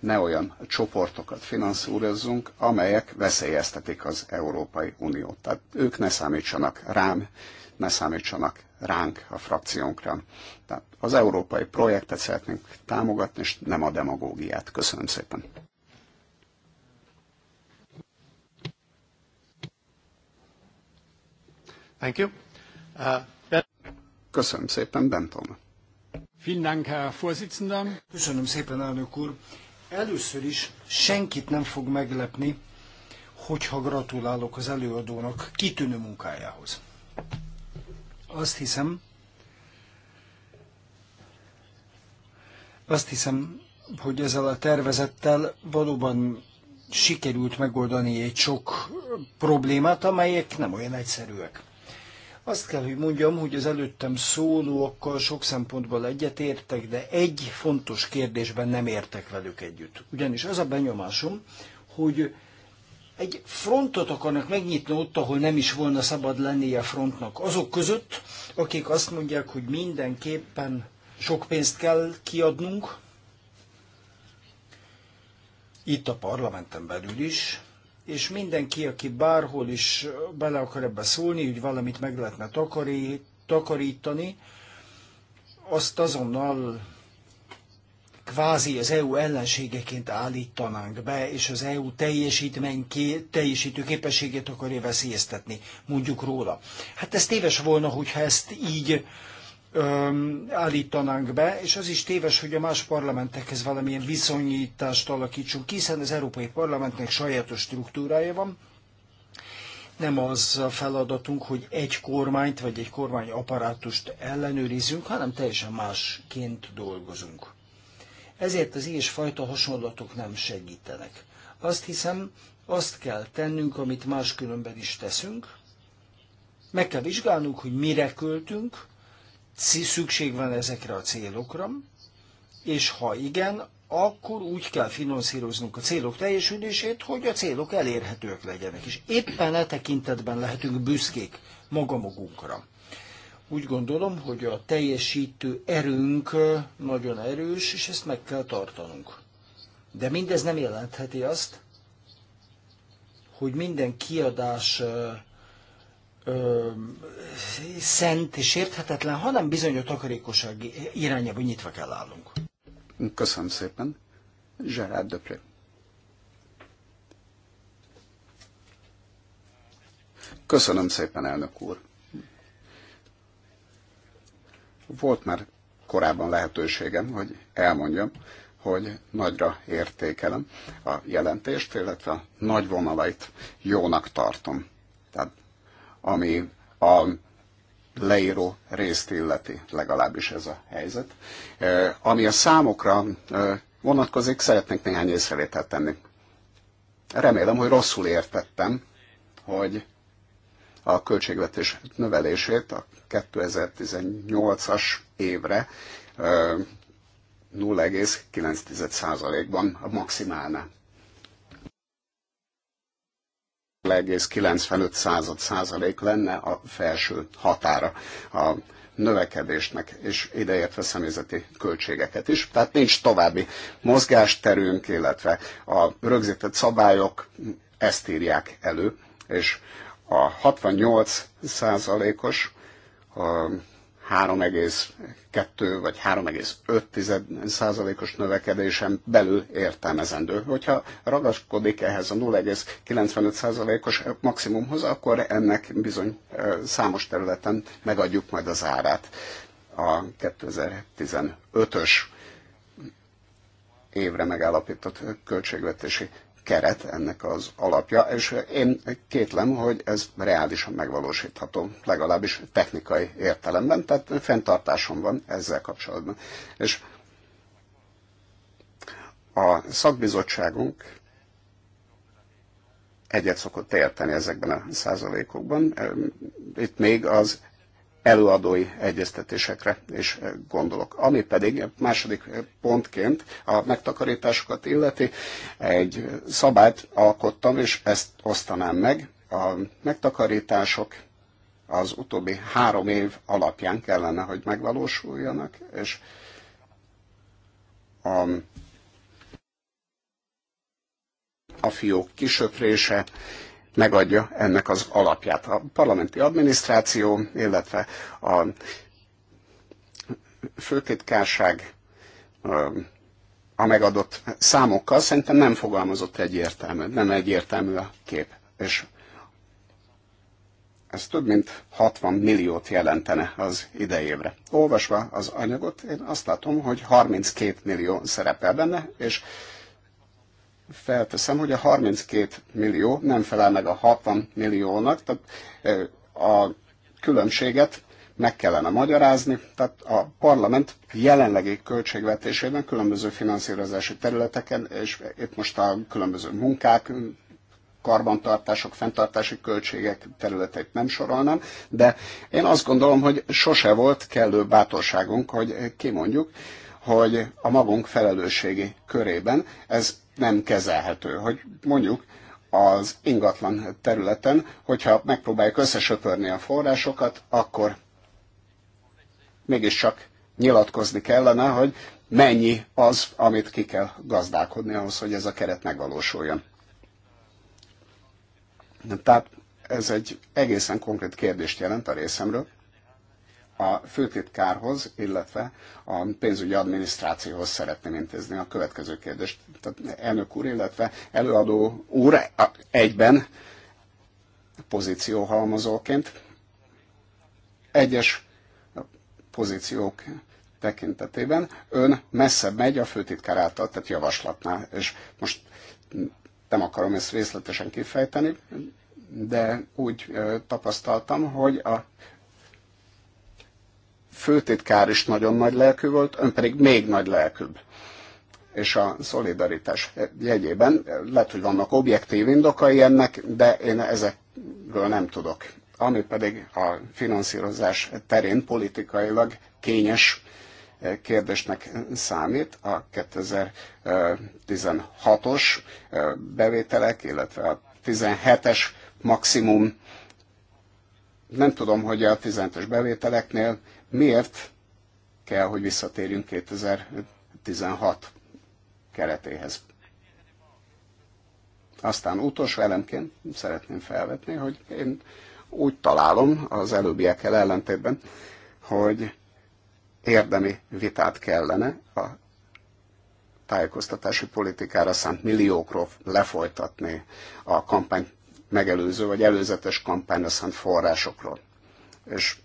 ne olyan csoportokat finanszírozzunk, amelyek veszélyeztetik az Európai Uniót. Tehát ők ne számítsanak rám, ne számítsanak ránk, a frakciónkra. Tehát az európai projektet szeretnénk támogatni, és nem a demagógiát. Köszönöm szépen. Thank you. Uh, ben... Köszönöm szépen, Benton. Vielen Dank, Köszönöm szépen, elnök úr. Először is senkit nem fog meglepni, hogyha gratulálok az előadónak kitűnő munkájához. Azt hiszem, azt hiszem, hogy ezzel a tervezettel valóban sikerült megoldani egy sok problémát, amelyek nem olyan egyszerűek. Azt kell, hogy mondjam, hogy az előttem szólókkal sok szempontból egyetértek, de egy fontos kérdésben nem értek velük együtt. Ugyanis az a benyomásom, hogy egy frontot akarnak megnyitni ott, ahol nem is volna szabad lennie a frontnak. Azok között, akik azt mondják, hogy mindenképpen sok pénzt kell kiadnunk, itt a parlamenten belül is, és mindenki, aki bárhol is bele akar ebbe szólni, hogy valamit meg lehetne takarítani, azt azonnal kvázi az EU ellenségeként állítanánk be, és az EU teljesítmény teljesítő képességét akarja veszélyeztetni, mondjuk róla. Hát ez téves volna, hogyha ezt így öm, állítanánk be, és az is téves, hogy a más parlamentekhez valamilyen viszonyítást alakítsunk, hiszen az Európai Parlamentnek sajátos struktúrája van, nem az a feladatunk, hogy egy kormányt vagy egy kormányaparátust ellenőrizzünk, hanem teljesen másként dolgozunk. Ezért az fajta hasonlatok nem segítenek. Azt hiszem, azt kell tennünk, amit máskülönben is teszünk, meg kell vizsgálnunk, hogy mire költünk, szükség van ezekre a célokra, és ha igen, akkor úgy kell finanszíroznunk a célok teljesülését, hogy a célok elérhetők legyenek. És éppen e tekintetben lehetünk büszkék maga magunkra. Úgy gondolom, hogy a teljesítő erőnk nagyon erős, és ezt meg kell tartanunk. De mindez nem jelentheti azt, hogy minden kiadás ö, ö, szent és érthetetlen, hanem bizony a takarékosság irányába nyitva kell állnunk. Köszönöm szépen. Gerard Döpré. Köszönöm szépen, elnök úr. Volt már korábban lehetőségem, hogy elmondjam, hogy nagyra értékelem a jelentést, illetve a nagy vonalait jónak tartom. Tehát ami a leíró részt illeti, legalábbis ez a helyzet. Ami a számokra vonatkozik, szeretnék néhány észrevételt tenni. Remélem, hogy rosszul értettem, hogy a költségvetés növelését a 2018-as évre 0,9%-ban a maximálnál. 0,95 százalék lenne a felső határa a növekedésnek, és ideértve személyzeti költségeket is. Tehát nincs további mozgásterünk, illetve a rögzített szabályok ezt írják elő, és a 68 százalékos 3,2 vagy 3,5 százalékos növekedésen belül értelmezendő. Hogyha ragaszkodik ehhez a 0,95 százalékos maximumhoz, akkor ennek bizony számos területen megadjuk majd az árát. A 2015-ös évre megállapított költségvetési keret, ennek az alapja, és én kétlem, hogy ez reálisan megvalósítható, legalábbis technikai értelemben, tehát fenntartásom van ezzel kapcsolatban. És a szakbizottságunk egyet szokott érteni ezekben a százalékokban. Itt még az előadói egyeztetésekre is eh, gondolok. Ami pedig második eh, pontként a megtakarításokat illeti, egy szabályt alkottam, és ezt osztanám meg. A megtakarítások az utóbbi három év alapján kellene, hogy megvalósuljanak, és a, a fiók kisöprése megadja ennek az alapját. A parlamenti adminisztráció, illetve a főtitkárság a megadott számokkal szerintem nem fogalmazott egyértelmű, nem egyértelmű a kép. És ez több mint 60 milliót jelentene az idejévre. Olvasva az anyagot, én azt látom, hogy 32 millió szerepel benne, és felteszem, hogy a 32 millió nem felel meg a 60 milliónak, tehát a különbséget meg kellene magyarázni, tehát a parlament jelenlegi költségvetésében különböző finanszírozási területeken, és itt most a különböző munkák, karbantartások, fenntartási költségek területeit nem sorolnám, de én azt gondolom, hogy sose volt kellő bátorságunk, hogy kimondjuk, hogy a magunk felelősségi körében ez nem kezelhető. Hogy mondjuk az ingatlan területen, hogyha megpróbáljuk összesöpörni a forrásokat, akkor mégiscsak nyilatkozni kellene, hogy mennyi az, amit ki kell gazdálkodni ahhoz, hogy ez a keret megvalósuljon. Tehát ez egy egészen konkrét kérdést jelent a részemről, a főtitkárhoz, illetve a pénzügyi adminisztrációhoz szeretném intézni a következő kérdést. Tehát elnök úr, illetve előadó úr egyben pozícióhalmozóként egyes pozíciók tekintetében ön messzebb megy a főtitkár által tett javaslatnál, és most nem akarom ezt részletesen kifejteni, de úgy tapasztaltam, hogy a főtitkár is nagyon nagy lelkű volt, ön pedig még nagy lelkűbb. És a szolidaritás jegyében lehet, hogy vannak objektív indokai ennek, de én ezekről nem tudok. Ami pedig a finanszírozás terén politikailag kényes kérdésnek számít a 2016-os bevételek, illetve a 17-es maximum. Nem tudom, hogy a 15 es bevételeknél Miért kell, hogy visszatérjünk 2016 keretéhez? Aztán utolsó elemként szeretném felvetni, hogy én úgy találom az előbbiekkel ellentétben, hogy érdemi vitát kellene a tájékoztatási politikára szánt milliókról lefolytatni a kampány megelőző vagy előzetes kampányra szánt forrásokról. És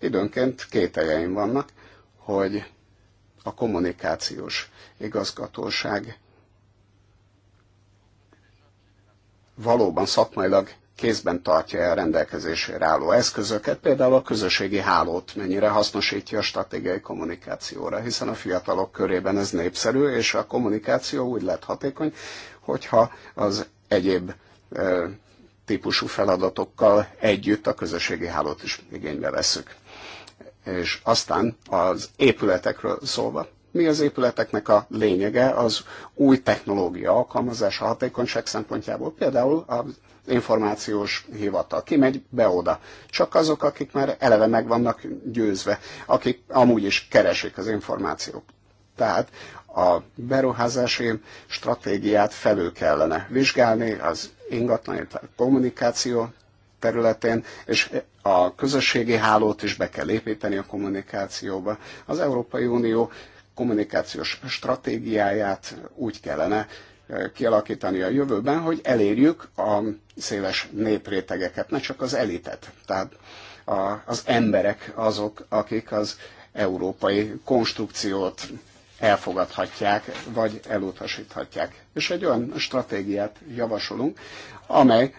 Időnként kételjeim vannak, hogy a kommunikációs igazgatóság valóban szakmailag kézben tartja el rendelkezésére álló eszközöket, például a közösségi hálót mennyire hasznosítja a stratégiai kommunikációra, hiszen a fiatalok körében ez népszerű, és a kommunikáció úgy lett hatékony, hogyha az egyéb e, típusú feladatokkal együtt a közösségi hálót is igénybe veszük. És aztán az épületekről szólva, mi az épületeknek a lényege, az új technológia alkalmazása hatékonyság szempontjából. Például az információs hivatal megy be oda. Csak azok, akik már eleve meg vannak győzve, akik amúgy is keresik az információk. Tehát a beruházási stratégiát felül kellene vizsgálni, az ingatlan, a kommunikáció területén, és a közösségi hálót is be kell építeni a kommunikációba. Az Európai Unió kommunikációs stratégiáját úgy kellene kialakítani a jövőben, hogy elérjük a széles néprétegeket, ne csak az elitet. Tehát az emberek azok, akik az európai konstrukciót elfogadhatják, vagy elutasíthatják. És egy olyan stratégiát javasolunk, amely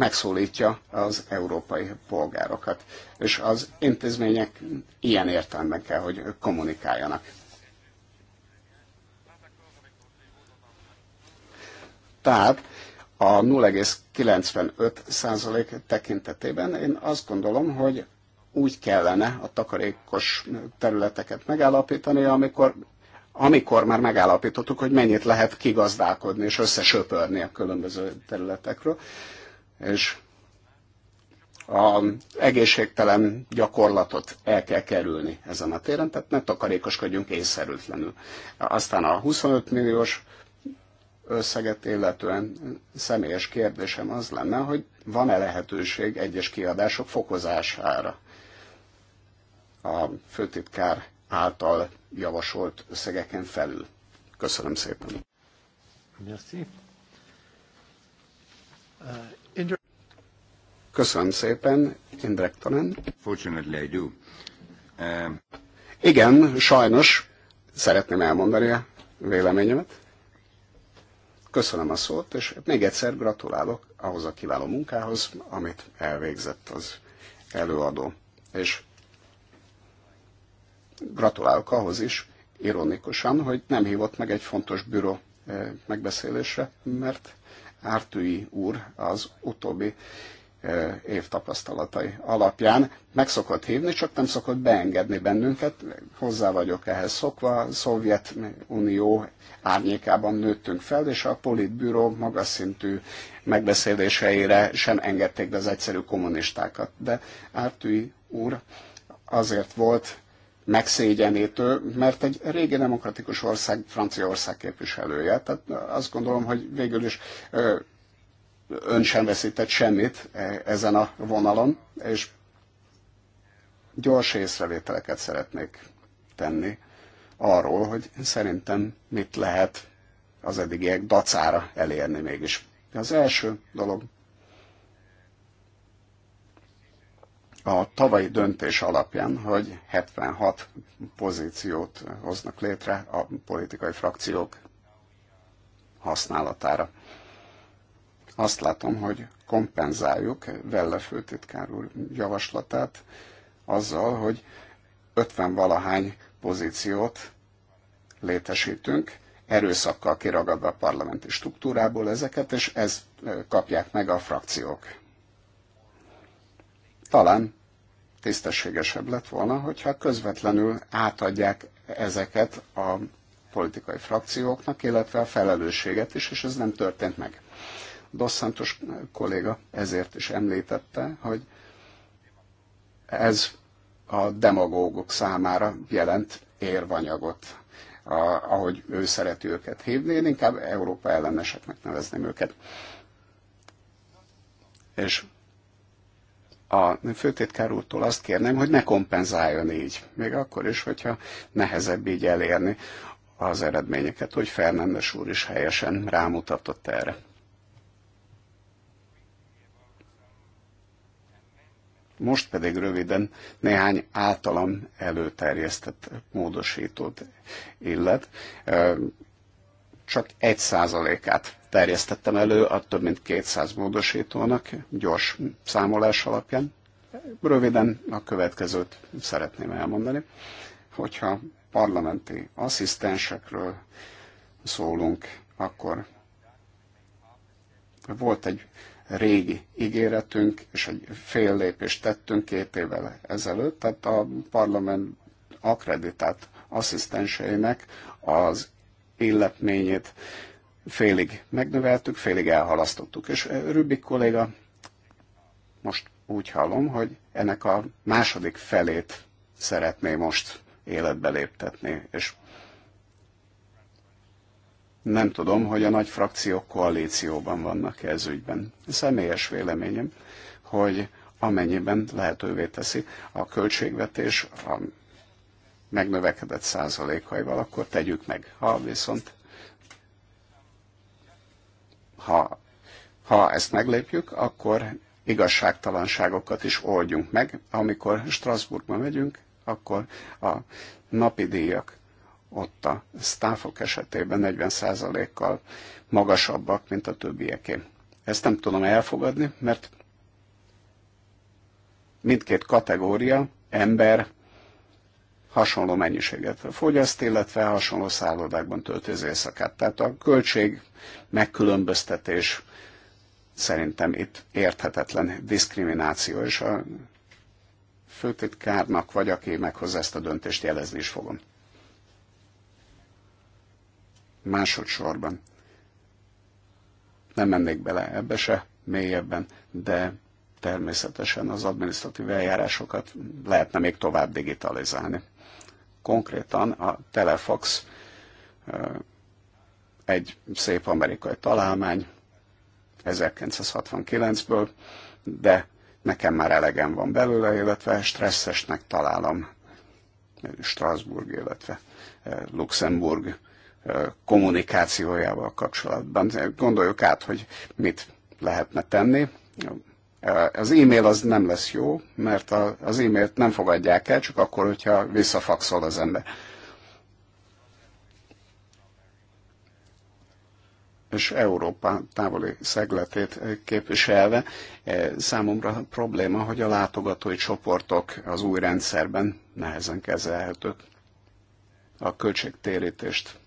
megszólítja az európai polgárokat. És az intézmények ilyen értelemben kell, hogy kommunikáljanak. Tehát a 0,95% tekintetében én azt gondolom, hogy úgy kellene a takarékos területeket megállapítani, amikor, amikor már megállapítottuk, hogy mennyit lehet kigazdálkodni és összesöpörni a különböző területekről és az egészségtelen gyakorlatot el kell kerülni ezen a téren, tehát ne takarékoskodjunk észszerűtlenül. Aztán a 25 milliós összeget illetően személyes kérdésem az lenne, hogy van-e lehetőség egyes kiadások fokozására a főtitkár által javasolt összegeken felül. Köszönöm szépen. Merci. Köszönöm szépen, Indrektonen. Fortunately I do. Um, Igen, sajnos szeretném elmondani a véleményemet. Köszönöm a szót, és még egyszer gratulálok ahhoz a kiváló munkához, amit elvégzett az előadó. És gratulálok ahhoz is, ironikusan, hogy nem hívott meg egy fontos büro eh, megbeszélésre, mert Ártői úr az utóbbi eh, év tapasztalatai alapján meg szokott hívni, csak nem szokott beengedni bennünket. Hozzá vagyok ehhez szokva, a Szovjetunió árnyékában nőttünk fel, és a politbüro magas szintű megbeszéléseire sem engedték be az egyszerű kommunistákat. De Ártői úr azért volt megszégyenítő, mert egy régi demokratikus ország Franciaország képviselője. Tehát azt gondolom, hogy végül is ön sem veszített semmit e, ezen a vonalon, és gyors észrevételeket szeretnék tenni arról, hogy szerintem mit lehet az eddigiek dacára elérni mégis. Az első dolog a tavalyi döntés alapján, hogy 76 pozíciót hoznak létre a politikai frakciók használatára. Azt látom, hogy kompenzáljuk Velle főtitkár úr javaslatát azzal, hogy 50 valahány pozíciót létesítünk, erőszakkal kiragadva a parlamenti struktúrából ezeket, és ez kapják meg a frakciók. Talán tisztességesebb lett volna, hogyha közvetlenül átadják ezeket a politikai frakcióknak, illetve a felelősséget is, és ez nem történt meg. Dos Santos kolléga ezért is említette, hogy ez a demagógok számára jelent érvanyagot, a, ahogy ő szereti őket hívni, én inkább Európa elleneseknek nevezném őket. És a főtétkár úrtól azt kérném, hogy ne kompenzáljon így, még akkor is, hogyha nehezebb így elérni az eredményeket, hogy Fernándes úr is helyesen rámutatott erre. Most pedig röviden néhány általam előterjesztett módosítót illet. Csak egy százalékát terjesztettem elő a több mint 200 módosítónak gyors számolás alapján. Röviden a következőt szeretném elmondani, hogyha parlamenti asszisztensekről szólunk, akkor volt egy régi ígéretünk, és egy fél lépést tettünk két évvel ezelőtt, tehát a parlament akreditált asszisztenseinek az illetményét félig megnöveltük, félig elhalasztottuk. És eh, Rübik kolléga, most úgy hallom, hogy ennek a második felét szeretné most életbe léptetni, és nem tudom, hogy a nagy frakciók koalícióban vannak -e ez ügyben. Személyes véleményem, hogy amennyiben lehetővé teszi a költségvetés a megnövekedett százalékaival, akkor tegyük meg. Ha viszont ha, ha ezt meglépjük, akkor igazságtalanságokat is oldjunk meg. Amikor Strasbourgba megyünk, akkor a napi díjak ott a sztáfok esetében 40%-kal magasabbak, mint a többieké. Ezt nem tudom elfogadni, mert mindkét kategória, ember hasonló mennyiséget fogyaszt, illetve hasonló szállodákban tölti az éjszakát. Tehát a költség megkülönböztetés szerintem itt érthetetlen diszkrimináció, és a főtitkárnak vagy aki meghoz ezt a döntést jelezni is fogom. Másodszorban. Nem mennék bele ebbe se mélyebben, de természetesen az adminisztratív eljárásokat lehetne még tovább digitalizálni. Konkrétan a telefax egy szép amerikai találmány 1969-ből, de nekem már elegem van belőle, illetve stresszesnek találom Strasbourg, illetve Luxemburg kommunikációjával kapcsolatban. Gondoljuk át, hogy mit lehetne tenni az e-mail az nem lesz jó, mert az e-mailt nem fogadják el, csak akkor, hogyha visszafaxol az ember. és Európa távoli szegletét képviselve eh, számomra probléma, hogy a látogatói csoportok az új rendszerben nehezen kezelhetők. A költségtérítést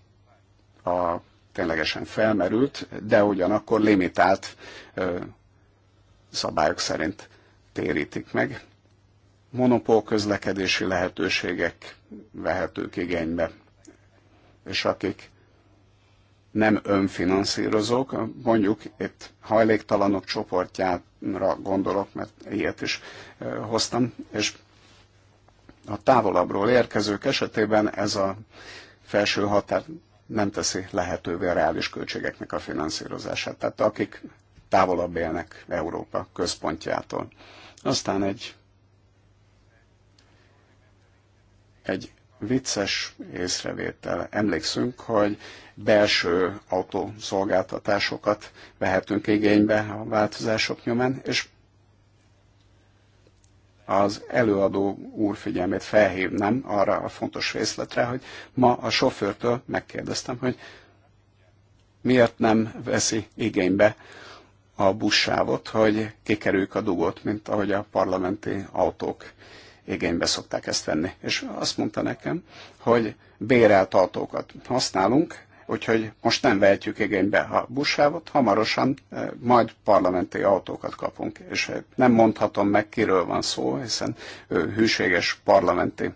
a ténylegesen felmerült, de ugyanakkor limitált eh, szabályok szerint térítik meg. Monopól közlekedési lehetőségek vehetők igénybe, és akik nem önfinanszírozók, mondjuk itt hajléktalanok csoportjára gondolok, mert ilyet is hoztam, és a távolabbról érkezők esetében ez a felső határ nem teszi lehetővé a reális költségeknek a finanszírozását. Tehát akik távolabb élnek Európa központjától. Aztán egy, egy vicces észrevétel. Emlékszünk, hogy belső autószolgáltatásokat vehetünk igénybe a változások nyomán, és az előadó úr figyelmét felhívnám arra a fontos részletre, hogy ma a sofőrtől megkérdeztem, hogy miért nem veszi igénybe a buszsávot, hogy kikerüljük a dugót, mint ahogy a parlamenti autók igénybe szokták ezt venni. És azt mondta nekem, hogy bérelt autókat használunk, úgyhogy most nem vehetjük igénybe a buszsávot, hamarosan eh, majd parlamenti autókat kapunk. És eh, nem mondhatom meg, kiről van szó, hiszen ő hűséges parlamenti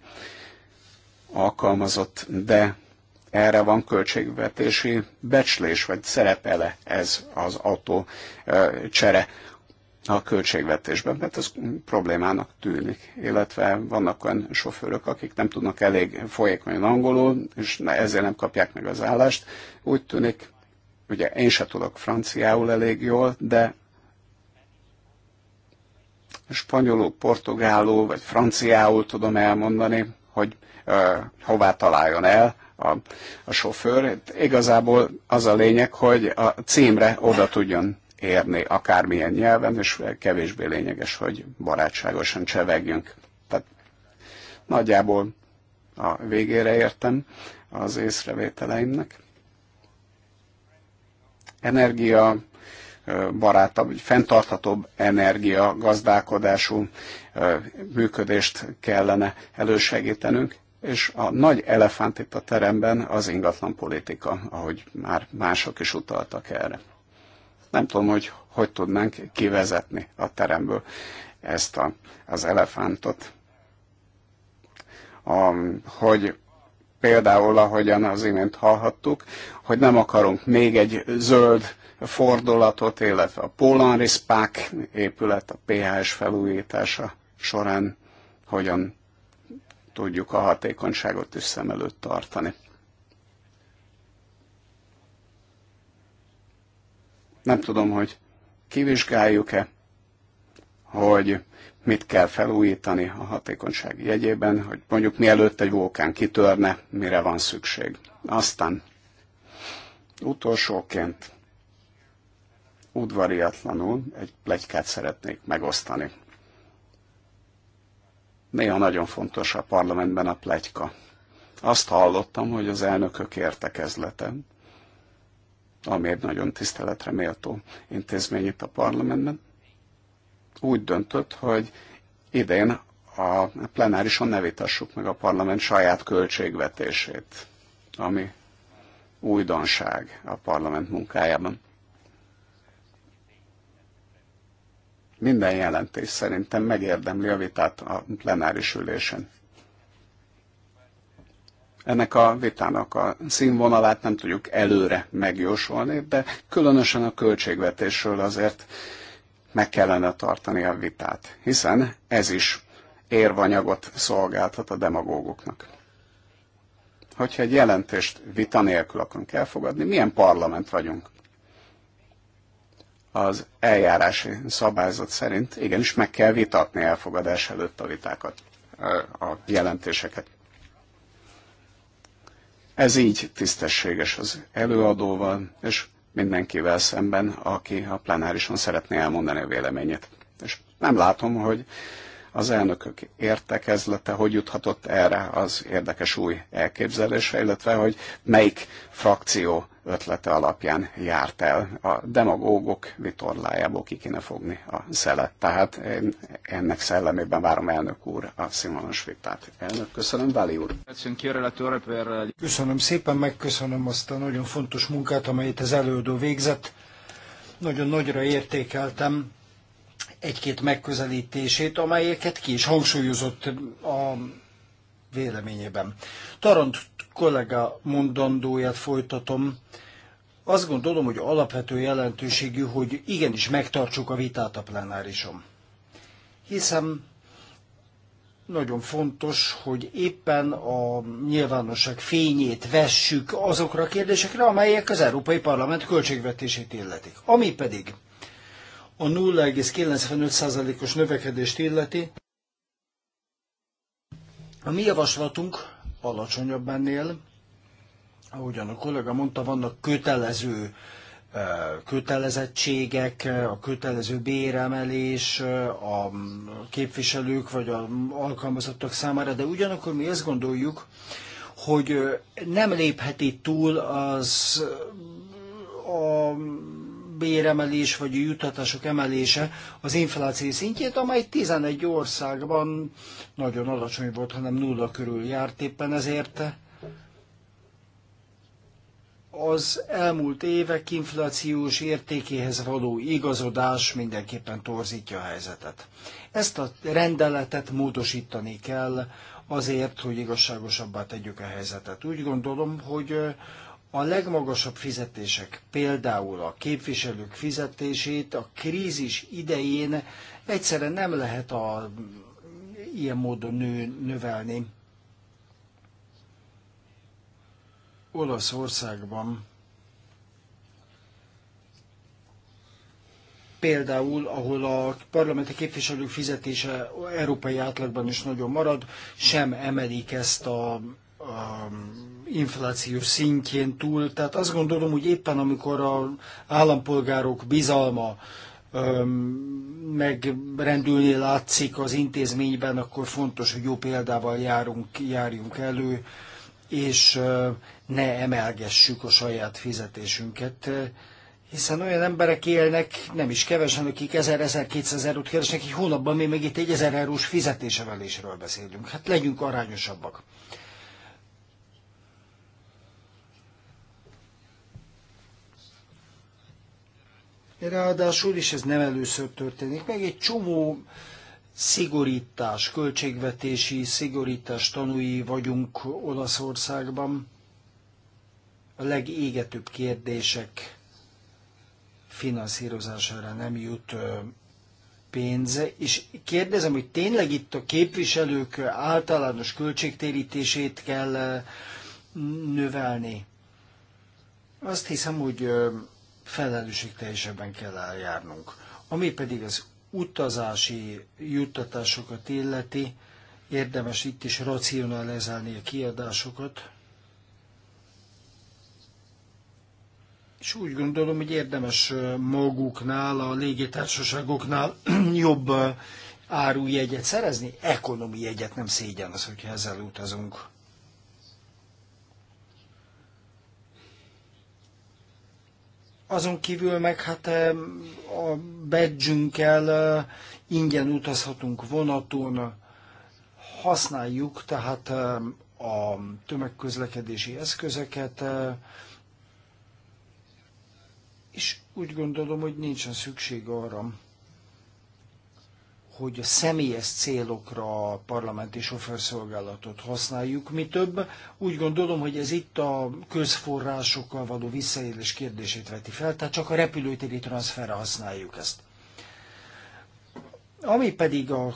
alkalmazott, de erre van költségvetési becslés, vagy szerepele ez az autó csere a költségvetésben, mert hát ez problémának tűnik. Illetve vannak olyan sofőrök, akik nem tudnak elég folyékonyan angolul, és ezért nem kapják meg az állást. Úgy tűnik, ugye én se tudok franciául elég jól, de spanyolul, portugálul vagy franciául tudom elmondani, hogy hová találjon el a, a sofőr. Igazából az a lényeg, hogy a címre oda tudjon érni akármilyen nyelven, és kevésbé lényeges, hogy barátságosan csevegjünk. Tehát nagyjából a végére értem az észrevételeimnek. Energia, barátabb, fenntarthatóbb energia gazdálkodású működést kellene elősegítenünk, és a nagy elefánt itt a teremben az ingatlan politika, ahogy már mások is utaltak erre. Nem tudom, hogy hogy tudnánk kivezetni a teremből ezt a, az elefántot. A, hogy például, ahogyan az imént hallhattuk, hogy nem akarunk még egy zöld fordulatot, illetve a Polaris Park épület, a PHS felújítása során hogyan tudjuk a hatékonyságot is szem előtt tartani. Nem tudom, hogy kivizsgáljuk-e, hogy mit kell felújítani a hatékonysági jegyében, hogy mondjuk mielőtt egy vulkán kitörne, mire van szükség. Aztán utolsóként udvariatlanul egy plegykát szeretnék megosztani. Néha nagyon fontos a parlamentben a plegyka. Azt hallottam, hogy az elnökök értekezleten, ami egy nagyon tiszteletre méltó intézmény itt a parlamentben, úgy döntött, hogy idén a plenárison ne vitassuk meg a parlament saját költségvetését, ami újdonság a parlament munkájában. Minden jelentés szerintem megérdemli a vitát a plenáris ülésen. Ennek a vitának a színvonalát nem tudjuk előre megjósolni, de különösen a költségvetésről azért meg kellene tartani a vitát, hiszen ez is érvanyagot szolgáltat a demagógoknak. Hogyha egy jelentést vita nélkül akarunk elfogadni, milyen parlament vagyunk? az eljárási szabályzat szerint igenis meg kell vitatni elfogadás előtt a vitákat, a jelentéseket. Ez így tisztességes az előadóval, és mindenkivel szemben, aki a plenárison szeretné elmondani a véleményét. És nem látom, hogy az elnökök értekezlete hogy juthatott erre az érdekes új elképzelésre, illetve hogy melyik frakció ötlete alapján járt el. A demagógok vitorlájából ki kéne fogni a szelet. Tehát én ennek szellemében várom elnök úr a színvonalas vitát. Elnök, köszönöm, Váli úr. Köszönöm szépen, megköszönöm azt a nagyon fontos munkát, amelyet az előadó végzett. Nagyon nagyra értékeltem egy-két megközelítését, amelyeket ki is hangsúlyozott a véleményében. Tarant kollega mondandóját folytatom. Azt gondolom, hogy alapvető jelentőségű, hogy igenis megtartsuk a vitát a plenárison. Hiszen nagyon fontos, hogy éppen a nyilvánosság fényét vessük azokra a kérdésekre, amelyek az Európai Parlament költségvetését illetik. Ami pedig a 0,95%-os növekedést illeti, a mi javaslatunk alacsonyabb ennél, ahogyan a kollega mondta, vannak kötelező eh, kötelezettségek, eh, a kötelező béremelés eh, a képviselők vagy a alkalmazottak számára, de ugyanakkor mi azt gondoljuk, hogy nem lépheti túl az a béremelés vagy a juttatások emelése az infláció szintjét, amely 11 országban nagyon alacsony volt, hanem nulla körül járt éppen ezért. Az elmúlt évek inflációs értékéhez való igazodás mindenképpen torzítja a helyzetet. Ezt a rendeletet módosítani kell azért, hogy igazságosabbá tegyük a helyzetet. Úgy gondolom, hogy a legmagasabb fizetések, például a képviselők fizetését a krízis idején egyszerűen nem lehet a, ilyen módon nő, növelni. Olaszországban például, ahol a parlamenti képviselők fizetése európai átlagban is nagyon marad, sem emelik ezt a, a inflációs szintjén túl. Tehát azt gondolom, hogy éppen amikor a állampolgárok bizalma megrendülni látszik az intézményben, akkor fontos, hogy jó példával járunk, járjunk elő, és ne emelgessük a saját fizetésünket, hiszen olyan emberek élnek, nem is kevesen, akik 1000-1200 eurót keresnek, egy hónapban mi még itt egy 1000 eurós fizetésevelésről beszélünk. Hát legyünk arányosabbak. Ráadásul, és ez nem először történik meg, egy csomó szigorítás, költségvetési szigorítás tanúi vagyunk Olaszországban. A legégetőbb kérdések finanszírozására nem jut pénze, és kérdezem, hogy tényleg itt a képviselők általános költségtérítését kell növelni. Azt hiszem, hogy felelősségteljesebben kell eljárnunk. Ami pedig az utazási juttatásokat illeti, érdemes itt is racionalizálni a kiadásokat, és úgy gondolom, hogy érdemes maguknál, a légitársaságoknál jobb árujegyet szerezni, ekonomi jegyet nem szégyen az, hogyha ezzel utazunk. Azon kívül meg hát a badge ingyen utazhatunk vonaton, használjuk tehát a tömegközlekedési eszközeket, és úgy gondolom, hogy nincsen szükség arra, hogy a személyes célokra a parlamenti sofőrszolgálatot használjuk. Mi több, úgy gondolom, hogy ez itt a közforrásokkal való visszaélés kérdését veti fel, tehát csak a repülőtéri transferre használjuk ezt. Ami pedig a,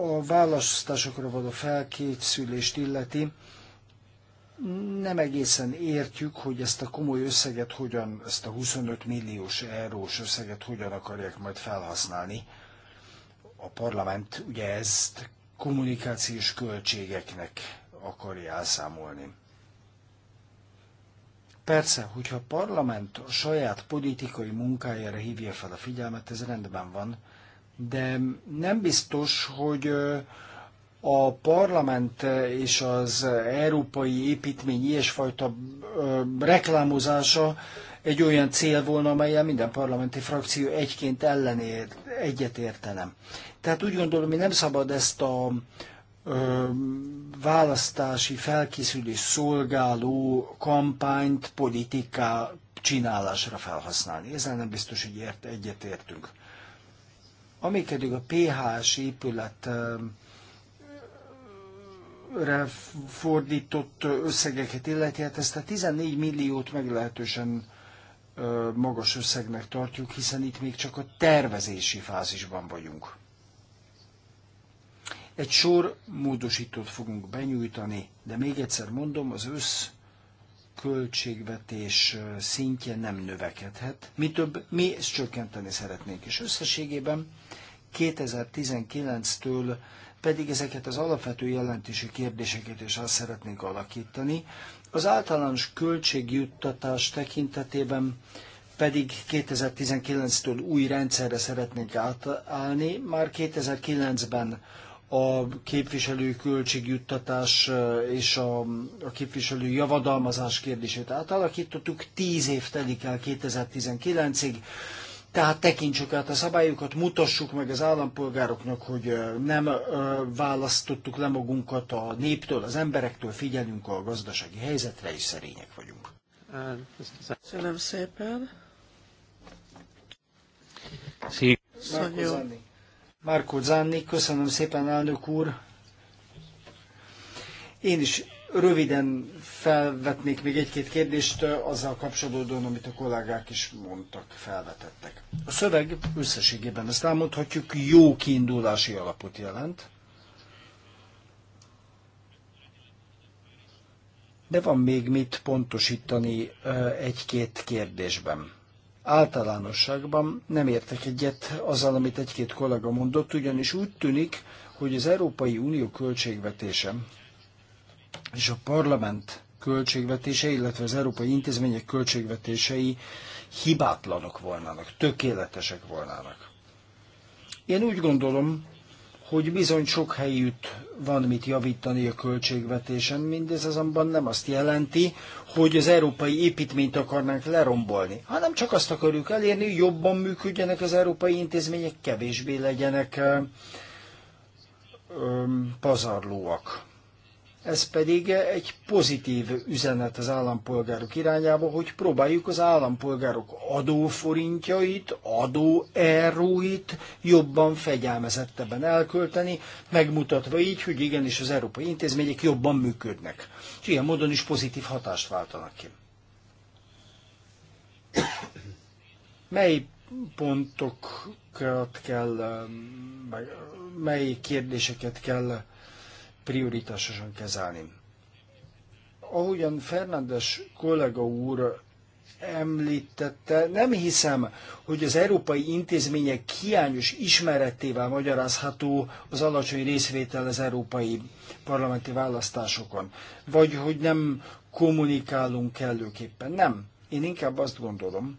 a választásokra való felkészülést illeti, nem egészen értjük, hogy ezt a komoly összeget hogyan, ezt a 25 milliós eurós összeget hogyan akarják majd felhasználni a parlament ugye ezt kommunikációs költségeknek akarja elszámolni. Persze, hogyha a parlament a saját politikai munkájára hívja fel a figyelmet, ez rendben van, de nem biztos, hogy a parlament és az európai építmény ilyesfajta reklámozása egy olyan cél volna, amelyel minden parlamenti frakció egyként egyet egyetértenem. Tehát úgy gondolom, hogy nem szabad ezt a ö, választási felkészülés szolgáló kampányt politiká csinálásra felhasználni. Ezzel nem biztos, hogy ért, egyetértünk. Ami a PHS épület re fordított összegeket illeti, hát ezt a 14 milliót meglehetősen magas összegnek tartjuk, hiszen itt még csak a tervezési fázisban vagyunk. Egy sor módosítót fogunk benyújtani, de még egyszer mondom, az össz költségvetés szintje nem növekedhet. Mi több, mi ezt csökkenteni szeretnénk. És összességében 2019-től pedig ezeket az alapvető jelentési kérdéseket is azt szeretnénk alakítani. Az általános költségjuttatás tekintetében pedig 2019-től új rendszerre szeretnénk átállni. Már 2009-ben a képviselő költségjuttatás eh, és a, a képviselő javadalmazás kérdését átalakítottuk. Tíz év telik el 2019-ig. Tehát tekintsük át a szabályokat, mutassuk meg az állampolgároknak, hogy nem választottuk le magunkat a néptől, az emberektől, figyelünk a gazdasági helyzetre, és szerények vagyunk. Köszönöm szépen. Márkó Márko Zanni, köszönöm szépen, elnök úr. Én is Röviden felvetnék még egy-két kérdést azzal kapcsolódóan, amit a kollégák is mondtak, felvetettek. A szöveg összességében ezt elmondhatjuk, jó kiindulási alapot jelent, de van még mit pontosítani egy-két kérdésben. Általánosságban nem értek egyet azzal, amit egy-két kollega mondott, ugyanis úgy tűnik, hogy az Európai Unió költségvetése és a parlament költségvetése, illetve az európai intézmények költségvetései hibátlanok volnának, tökéletesek volnának. Én úgy gondolom, hogy bizony sok helyütt van mit javítani a költségvetésen, mindez azonban nem azt jelenti, hogy az európai építményt akarnánk lerombolni, hanem csak azt akarjuk elérni, hogy jobban működjenek az európai intézmények, kevésbé legyenek pazarlóak. Ez pedig egy pozitív üzenet az állampolgárok irányába, hogy próbáljuk az állampolgárok adóforintjait, adóerróit jobban fegyelmezettebben elkölteni, megmutatva így, hogy igenis az európai intézmények jobban működnek. És ilyen módon is pozitív hatást váltanak ki. Mely pontokat kell, um, mely kérdéseket kell prioritásosan kezelni. Ahogyan Fernandes kollega úr említette, nem hiszem, hogy az európai intézmények hiányos ismeretével magyarázható az alacsony részvétel az európai parlamenti választásokon, vagy hogy nem kommunikálunk kellőképpen. Nem. Én inkább azt gondolom,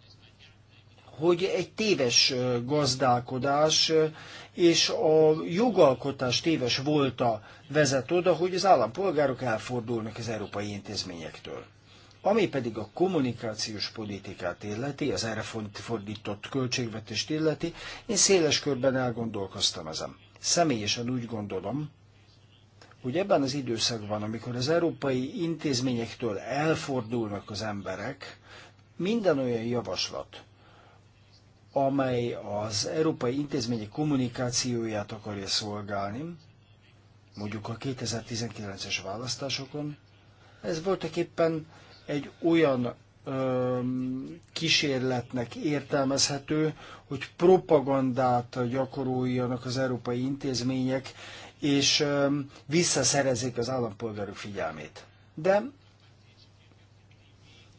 hogy egy téves gazdálkodás és a jogalkotás téves volta vezet oda, hogy az állampolgárok elfordulnak az európai intézményektől. Ami pedig a kommunikációs politikát illeti, az erre fordított költségvetést illeti, én széles körben elgondolkoztam ezen. Személyesen úgy gondolom, hogy ebben az időszakban, amikor az európai intézményektől elfordulnak az emberek, minden olyan javaslat, amely az európai intézmények kommunikációját akarja szolgálni, mondjuk a 2019-es választásokon. Ez voltak éppen egy olyan ö, kísérletnek értelmezhető, hogy propagandát gyakoroljanak az európai intézmények, és ö, visszaszerezik az állampolgárok figyelmét. De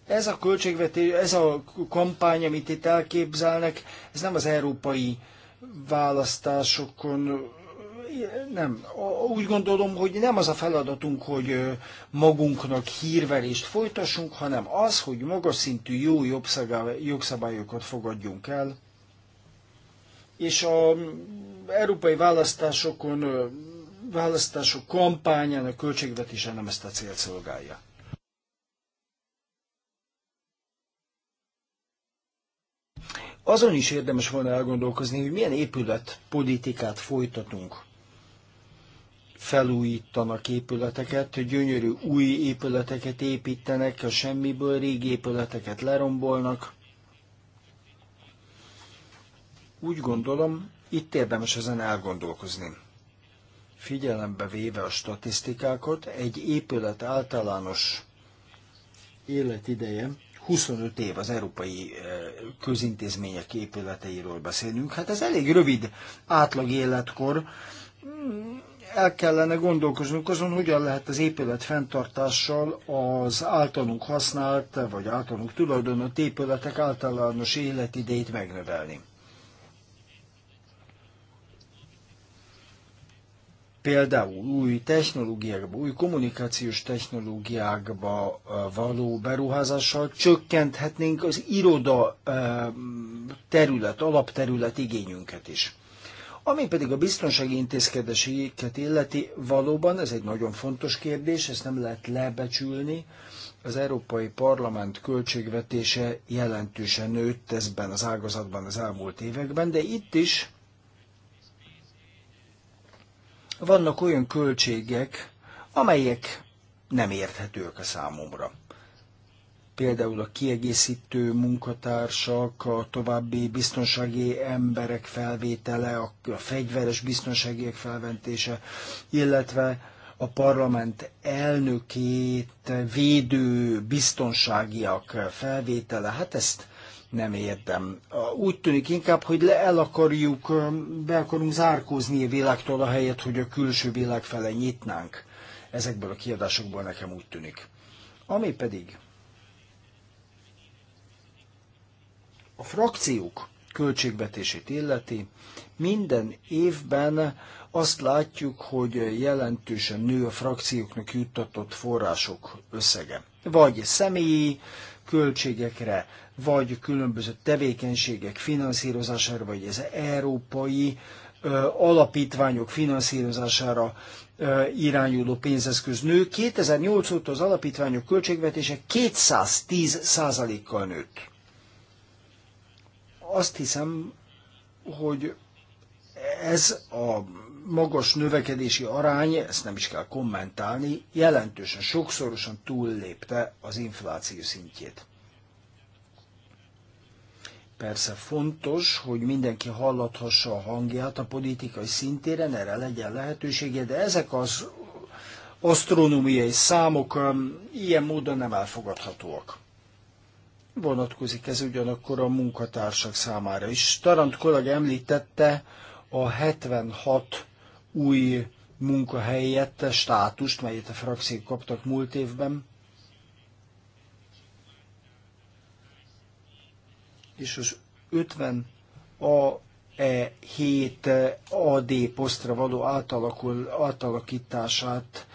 ez a költségvetés, ez a kampány, amit itt elképzelnek, ez nem az európai választásokon nem. Úgy gondolom, hogy nem az a feladatunk, hogy magunknak hírverést folytassunk, hanem az, hogy magas szintű jó jogszabályokat fogadjunk el. És az európai választásokon, választások kampányának a költségvetése nem ezt a célt szolgálja. azon is érdemes volna elgondolkozni, hogy milyen épületpolitikát folytatunk. Felújítanak épületeket, gyönyörű új épületeket építenek, a semmiből régi épületeket lerombolnak. Úgy gondolom, itt érdemes ezen elgondolkozni. Figyelembe véve a statisztikákat, egy épület általános életideje 25 év az európai eh, közintézmények épületeiről beszélünk. Hát ez elég rövid átlag életkor. Hmm, el kellene gondolkoznunk azon, hogyan lehet az épület fenntartással az általunk használt, vagy általunk tulajdonott épületek általános életidejét megnövelni. például új technológiákba, új kommunikációs technológiákba való beruházással csökkenthetnénk az iroda terület, alapterület igényünket is. Ami pedig a biztonsági intézkedéseket illeti, valóban ez egy nagyon fontos kérdés, ezt nem lehet lebecsülni. Az Európai Parlament költségvetése jelentősen nőtt ezben az ágazatban az elmúlt években, de itt is vannak olyan költségek, amelyek nem érthetők a számomra. Például a kiegészítő munkatársak, a további biztonsági emberek felvétele, a fegyveres biztonságiek felventése, illetve a parlament elnökét védő biztonságiak felvétele. Hát ezt nem értem. Úgy tűnik inkább, hogy le el akarjuk, be akarunk zárkózni a világtól, a helyet, hogy a külső világ fele nyitnánk. Ezekből a kiadásokból nekem úgy tűnik. Ami pedig a frakciók költségvetését illeti, minden évben azt látjuk, hogy jelentősen nő a frakcióknak juttatott források összege. Vagy személyi költségekre, vagy különböző tevékenységek finanszírozására, vagy az európai alapítványok finanszírozására irányuló pénzeszköz nő. 2008 óta az alapítványok költségvetése 210 kal nőtt. Azt hiszem, hogy ez a magas növekedési arány, ezt nem is kell kommentálni, jelentősen, sokszorosan túllépte az infláció szintjét. Persze fontos, hogy mindenki hallathassa a hangját a politikai szintéren, erre legyen lehetősége, de ezek az asztronómiai számok ilyen módon nem elfogadhatóak. Vonatkozik ez ugyanakkor a munkatársak számára is. Tarant kollega említette a 76 új munkahelyet, státust, melyet a frakciók kaptak múlt évben. és az 50 a 7 e AD posztra való átalakul, átalakítását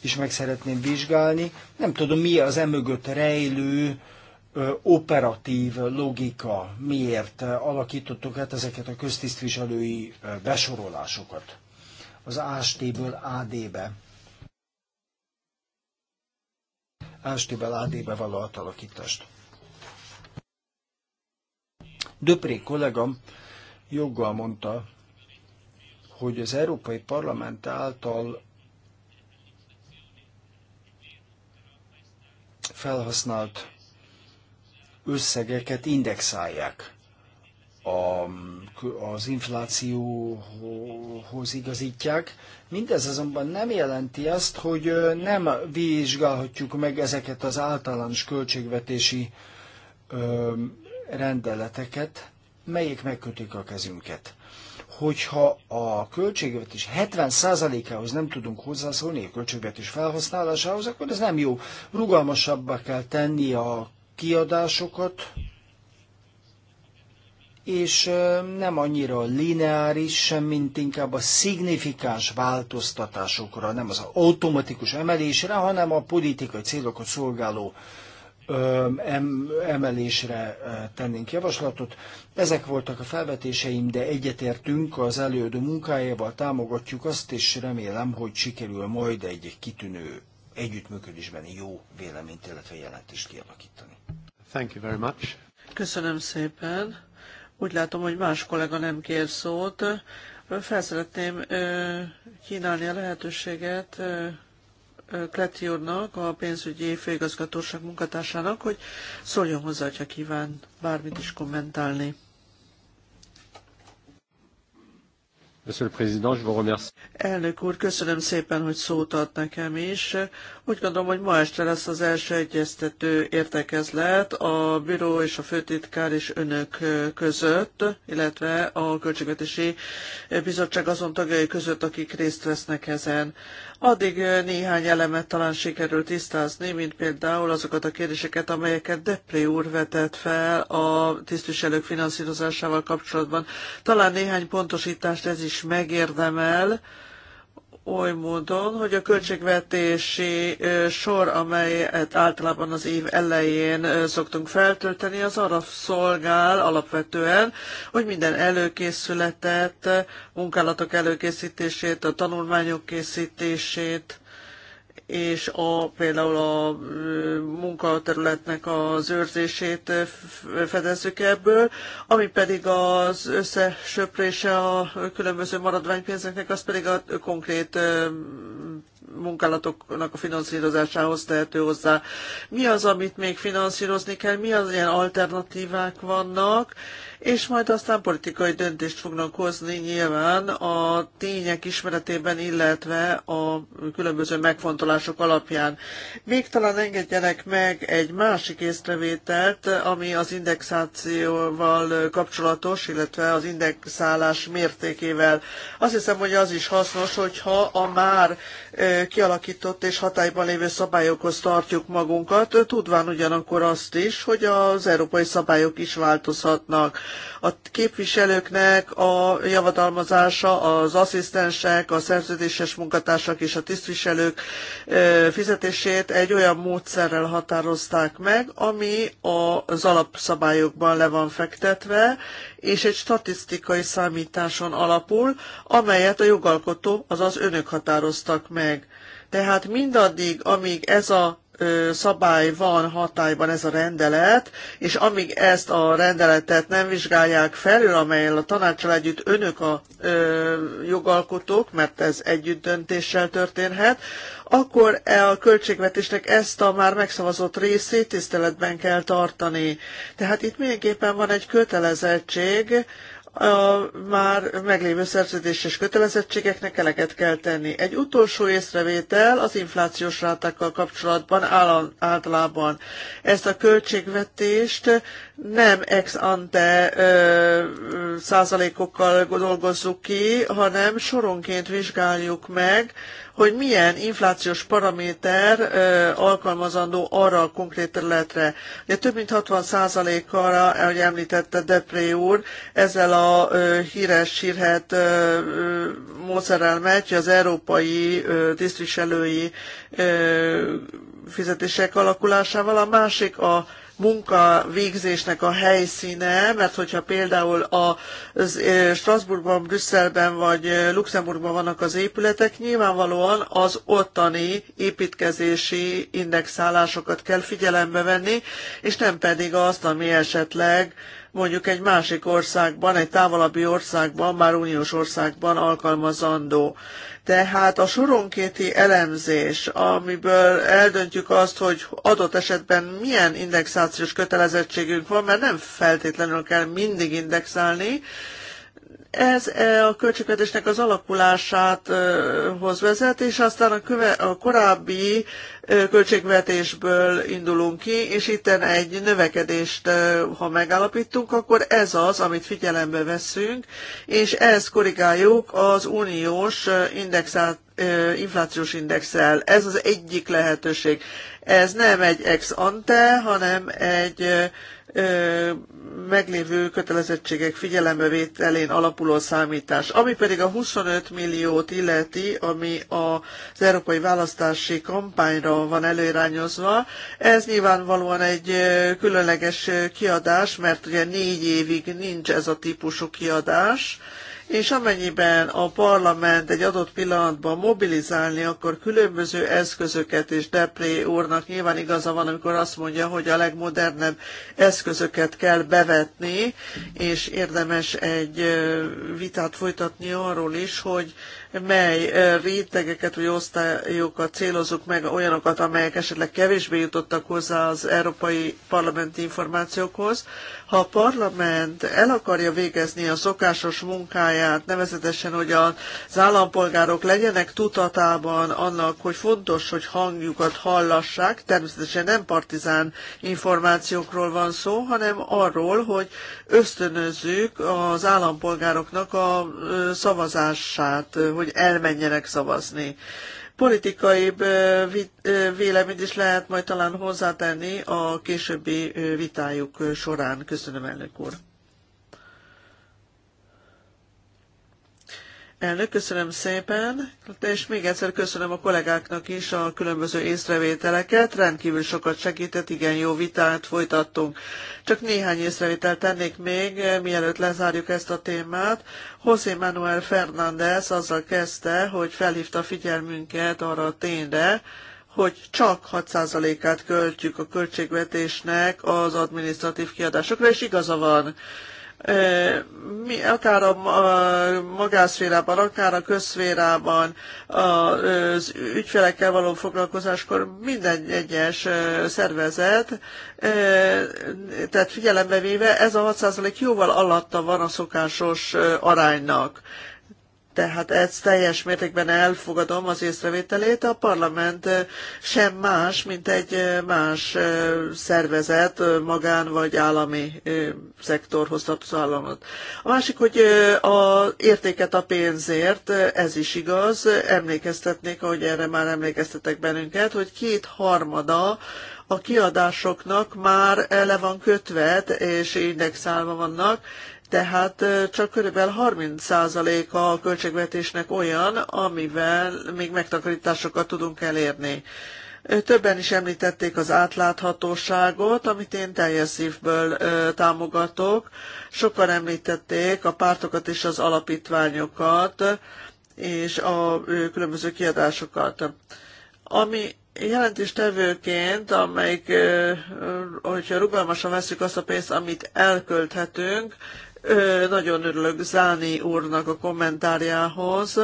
is meg szeretném vizsgálni. Nem tudom, mi az emögött rejlő ö, operatív logika, miért alakítottuk át ezeket a köztisztviselői besorolásokat az AST-ből AD-be. AST-ből AD-be való átalakítást. Döpré kollégam joggal mondta, hogy az Európai Parlament által felhasznált összegeket indexálják a, az inflációhoz igazítják. Mindez azonban nem jelenti azt, hogy nem vizsgálhatjuk meg ezeket az általános költségvetési rendeleteket, melyek megkötik a kezünket. Hogyha a költségvetés 70%-ához nem tudunk hozzászólni a költségvetés felhasználásához, akkor ez nem jó. Rugalmasabbá kell tenni a kiadásokat, és nem annyira lineáris, sem, mint inkább a szignifikáns változtatásokra, nem az automatikus emelésre, hanem a politikai célokat szolgáló emelésre tennénk javaslatot. Ezek voltak a felvetéseim, de egyetértünk az előadó munkájával, támogatjuk azt, és remélem, hogy sikerül majd egy kitűnő együttműködésben jó véleményt, illetve jelentést kialakítani. Thank you very much. Köszönöm szépen. Úgy látom, hogy más kollega nem kér szót. Felszeretném kínálni a lehetőséget Kleti úrnak, a pénzügyi főigazgatóság munkatársának, hogy szóljon hozzá, ha kíván bármit is kommentálni. Monsieur le Président, je vous remercie. Elnök úr, köszönöm szépen, hogy szót ad nekem is. Úgy gondolom, hogy ma este lesz az első egyeztető értekezlet a bíró és a főtitkár és önök között, illetve a Költségvetési Bizottság azon tagjai között, akik részt vesznek ezen. Addig néhány elemet talán sikerült tisztázni, mint például azokat a kérdéseket, amelyeket Depré úr vetett fel a tisztviselők finanszírozásával kapcsolatban. Talán néhány pontosítást ez is megérdemel, oly módon, hogy a költségvetési sor, amelyet általában az év elején szoktunk feltölteni, az arra szolgál alapvetően, hogy minden előkészületet, munkálatok előkészítését, a tanulmányok készítését, és a, például a munkaterületnek az őrzését fedezzük ebből, ami pedig az összesöprése a különböző maradványpénzeknek, az pedig a konkrét munkálatoknak a finanszírozásához tehető hozzá. Mi az, amit még finanszírozni kell, mi az ilyen alternatívák vannak, és majd aztán politikai döntést fognak hozni nyilván a tények ismeretében, illetve a különböző megfontolások alapján. Még talán engedjenek meg egy másik észrevételt, ami az indexációval kapcsolatos, illetve az indexálás mértékével. Azt hiszem, hogy az is hasznos, hogyha a már kialakított és hatályban lévő szabályokhoz tartjuk magunkat, tudván ugyanakkor azt is, hogy az európai szabályok is változhatnak. A képviselőknek a javadalmazása, az asszisztensek, a szerződéses munkatársak és a tisztviselők fizetését egy olyan módszerrel határozták meg, ami az alapszabályokban le van fektetve, és egy statisztikai számításon alapul, amelyet a jogalkotó, azaz önök határoztak meg. Tehát mindaddig, amíg ez a szabály van hatályban ez a rendelet, és amíg ezt a rendeletet nem vizsgálják felül, amelyel a tanácsal együtt önök a ö, jogalkotók, mert ez együtt döntéssel történhet, akkor e a költségvetésnek ezt a már megszavazott részét tiszteletben kell tartani. Tehát itt mindenképpen van egy kötelezettség, a már meglévő szerződéses kötelezettségeknek eleget kell tenni. Egy utolsó észrevétel az inflációs rátákkal kapcsolatban általában. Ezt a költségvetést nem ex ante ö, százalékokkal dolgozzuk ki, hanem soronként vizsgáljuk meg, hogy milyen inflációs paraméter alkalmazandó arra a konkrét területre. Ugye több mint 60 ra ahogy említette Depré úr, ezzel a híres sírhet módszerrel megy, hogy az európai tisztviselői fizetések alakulásával, a másik a munkavégzésnek a helyszíne, mert hogyha például a Strasbourgban, Brüsszelben vagy Luxemburgban vannak az épületek, nyilvánvalóan az ottani építkezési indexálásokat kell figyelembe venni, és nem pedig azt, ami esetleg mondjuk egy másik országban, egy távolabbi országban, már uniós országban alkalmazandó. Tehát a soronkéti elemzés, amiből eldöntjük azt, hogy adott esetben milyen indexációs kötelezettségünk van, mert nem feltétlenül kell mindig indexálni, ez a költségvetésnek az alakulásához vezet, és aztán a, köve, a korábbi költségvetésből indulunk ki, és itten egy növekedést, ha megállapítunk, akkor ez az, amit figyelembe veszünk, és ezt korrigáljuk az uniós indexát, inflációs indexel. Ez az egyik lehetőség. Ez nem egy ex ante, hanem egy meglévő kötelezettségek figyelembevételén alapuló számítás. Ami pedig a 25 milliót illeti, ami az európai választási kampányra van előirányozva, ez nyilvánvalóan egy különleges kiadás, mert ugye négy évig nincs ez a típusú kiadás, és amennyiben a parlament egy adott pillanatban mobilizálni, akkor különböző eszközöket, és Depré úrnak nyilván igaza van, amikor azt mondja, hogy a legmodernebb eszközöket kell bevetni, és érdemes egy vitát folytatni arról is, hogy mely rétegeket vagy osztályokat célozunk meg, olyanokat, amelyek esetleg kevésbé jutottak hozzá az európai parlamenti információkhoz. Ha a parlament el akarja végezni a szokásos munkáját, nevezetesen, hogy az állampolgárok legyenek tudatában annak, hogy fontos, hogy hangjukat hallassák, természetesen nem partizán információkról van szó, hanem arról, hogy ösztönözzük az állampolgároknak a szavazását, hogy hogy elmenjenek szavazni. Politikai véleményt is lehet majd talán hozzátenni a későbbi vitájuk során. Köszönöm, elnök úr. Elnök, köszönöm szépen, és még egyszer köszönöm a kollégáknak is a különböző észrevételeket. Rendkívül sokat segített, igen jó vitát folytattunk. Csak néhány észrevételt tennék még, mielőtt lezárjuk ezt a témát. José Manuel Fernández azzal kezdte, hogy felhívta figyelmünket arra a tényre, hogy csak 6%-át költjük a költségvetésnek az adminisztratív kiadásokra, és igaza van mi, akár a magánszférában, akár a közszférában, az ügyfelekkel való foglalkozáskor minden egyes szervezet, tehát figyelembe véve ez a 6% jóval alatta van a szokásos aránynak. Tehát ezt teljes mértékben elfogadom az észrevételét. A parlament sem más, mint egy más szervezet, magán vagy állami szektorhoz tartozó államot. A másik, hogy a értéket a pénzért, ez is igaz. Emlékeztetnék, ahogy erre már emlékeztetek bennünket, hogy két harmada a kiadásoknak már le van kötve, és indexálva vannak, tehát csak kb. 30% a költségvetésnek olyan, amivel még megtakarításokat tudunk elérni. Többen is említették az átláthatóságot, amit én teljes szívből támogatok. Sokan említették a pártokat és az alapítványokat, és a különböző kiadásokat. Ami jelentéstevőként, amelyik, hogyha rugalmasan veszük azt a pénzt, amit elkölthetünk, nagyon örülök Záni úrnak a kommentárjához,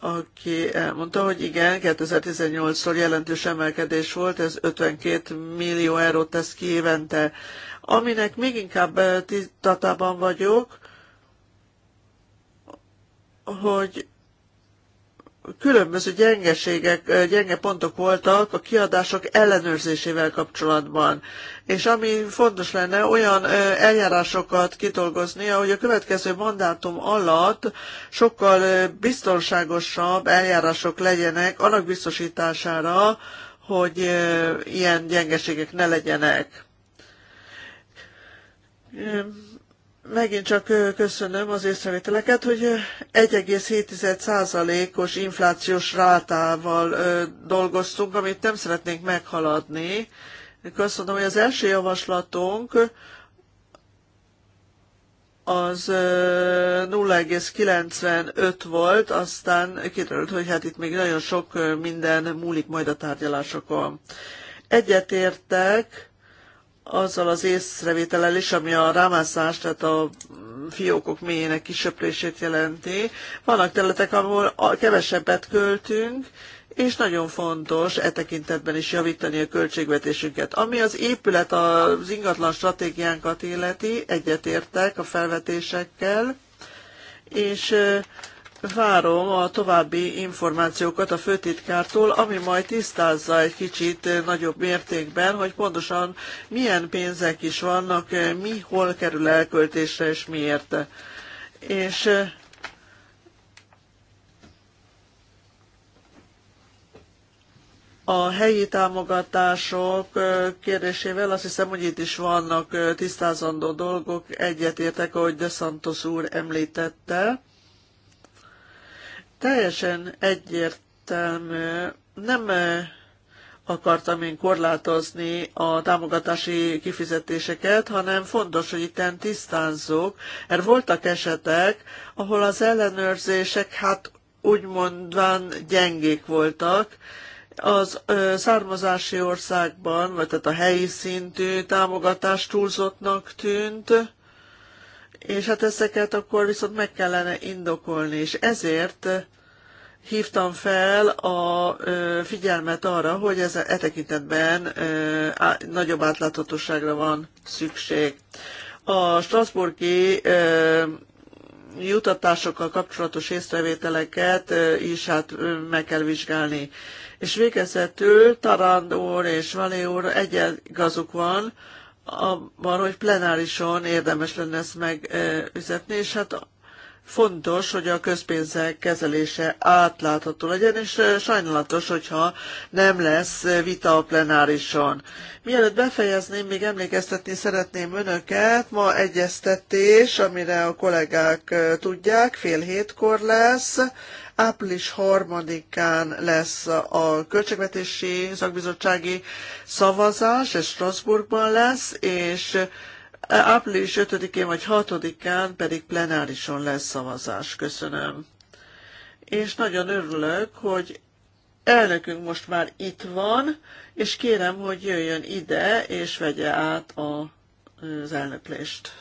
aki elmondta, hogy igen, 2018-szor jelentős emelkedés volt, ez 52 millió eurót tesz ki évente. Aminek még inkább tisztatában vagyok, hogy különböző gyengeségek, gyenge pontok voltak a kiadások ellenőrzésével kapcsolatban. És ami fontos lenne, olyan eljárásokat kitolgozni, hogy a következő mandátum alatt sokkal biztonságosabb eljárások legyenek annak biztosítására, hogy ilyen gyengeségek ne legyenek. Megint csak köszönöm az észrevételeket, hogy 1,7%-os inflációs rátával dolgoztunk, amit nem szeretnénk meghaladni. Azt mondom, hogy az első javaslatunk az 0,95 volt, aztán kiderült, hogy hát itt még nagyon sok minden múlik majd a tárgyalásokon. Egyetértek, azzal az észrevétellel is, ami a rámászás, tehát a fiókok mélyének kisöprését jelenti. Vannak területek, ahol kevesebbet költünk, és nagyon fontos e tekintetben is javítani a költségvetésünket. Ami az épület, az ingatlan stratégiánkat illeti, egyetértek a felvetésekkel, és várom a további információkat a főtitkártól, ami majd tisztázza egy kicsit nagyobb mértékben, hogy pontosan milyen pénzek is vannak, mi hol kerül elköltésre és miért. És eh, a helyi támogatások eh, kérdésével azt hiszem, hogy itt is vannak eh, tisztázandó dolgok. Egyetértek, ahogy De Santos úr említette Teljesen egyértelmű, nem eh, akartam én korlátozni a támogatási kifizetéseket, hanem fontos, hogy itten tisztázzuk, mert voltak esetek, ahol az ellenőrzések hát úgymondván gyengék voltak, az ö, származási országban, vagy tehát a helyi szintű támogatás túlzottnak tűnt, és hát ezeket akkor viszont meg kellene indokolni, és ezért hívtam fel a figyelmet arra, hogy ez e tekintetben nagyobb átláthatóságra van szükség. A Strasburgi jutatásokkal kapcsolatos észrevételeket is hát meg kell vizsgálni. És végezetül Tarand úr és Valé úr egyen igazuk van, abban, hogy plenárison érdemes lenne ezt megüzetni, és hát fontos, hogy a közpénzek kezelése átlátható legyen, és sajnálatos, hogyha nem lesz vita a plenárison. Mielőtt befejezném, még emlékeztetni szeretném önöket, ma egyeztetés, amire a kollégák tudják, fél hétkor lesz, április harmadikán lesz a költségvetési szakbizottsági szavazás, ez Strasbourgban lesz, és április 5-én vagy 6-án pedig plenárison lesz szavazás. Köszönöm. És nagyon örülök, hogy elnökünk most már itt van, és kérem, hogy jöjjön ide, és vegye át a, az elnöklést.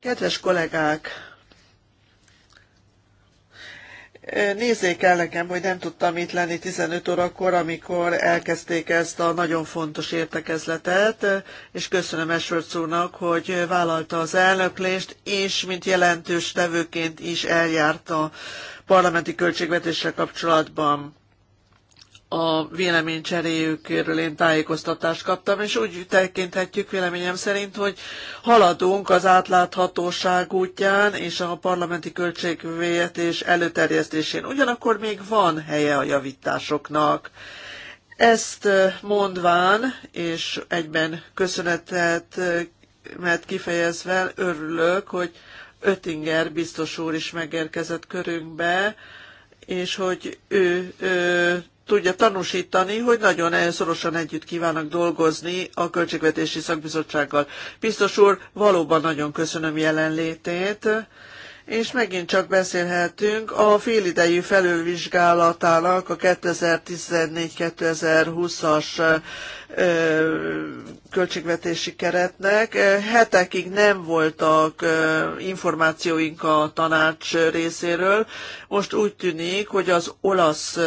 Kedves kollégák! Nézzék el nekem, hogy nem tudtam itt lenni 15 órakor, amikor elkezdték ezt a nagyon fontos értekezletet, és köszönöm Esvörc úrnak, hogy vállalta az elnöklést, és mint jelentős tevőként is eljárt a parlamenti költségvetéssel kapcsolatban a véleménycseréjükről én tájékoztatást kaptam, és úgy tekinthetjük véleményem szerint, hogy haladunk az átláthatóság útján és a parlamenti költségvetés előterjesztésén. Ugyanakkor még van helye a javításoknak. Ezt mondván, és egyben köszönetet mert kifejezve örülök, hogy Öttinger biztos úr is megérkezett körünkbe, és hogy ő, ő tudja tanúsítani, hogy nagyon e, szorosan együtt kívánnak dolgozni a Költségvetési Szakbizottsággal. Biztos úr, valóban nagyon köszönöm jelenlétét, és megint csak beszélhetünk a félidejű felülvizsgálatának a 2014-2020-as költségvetési keretnek. Hetekig nem voltak információink a tanács részéről. Most úgy tűnik, hogy az olasz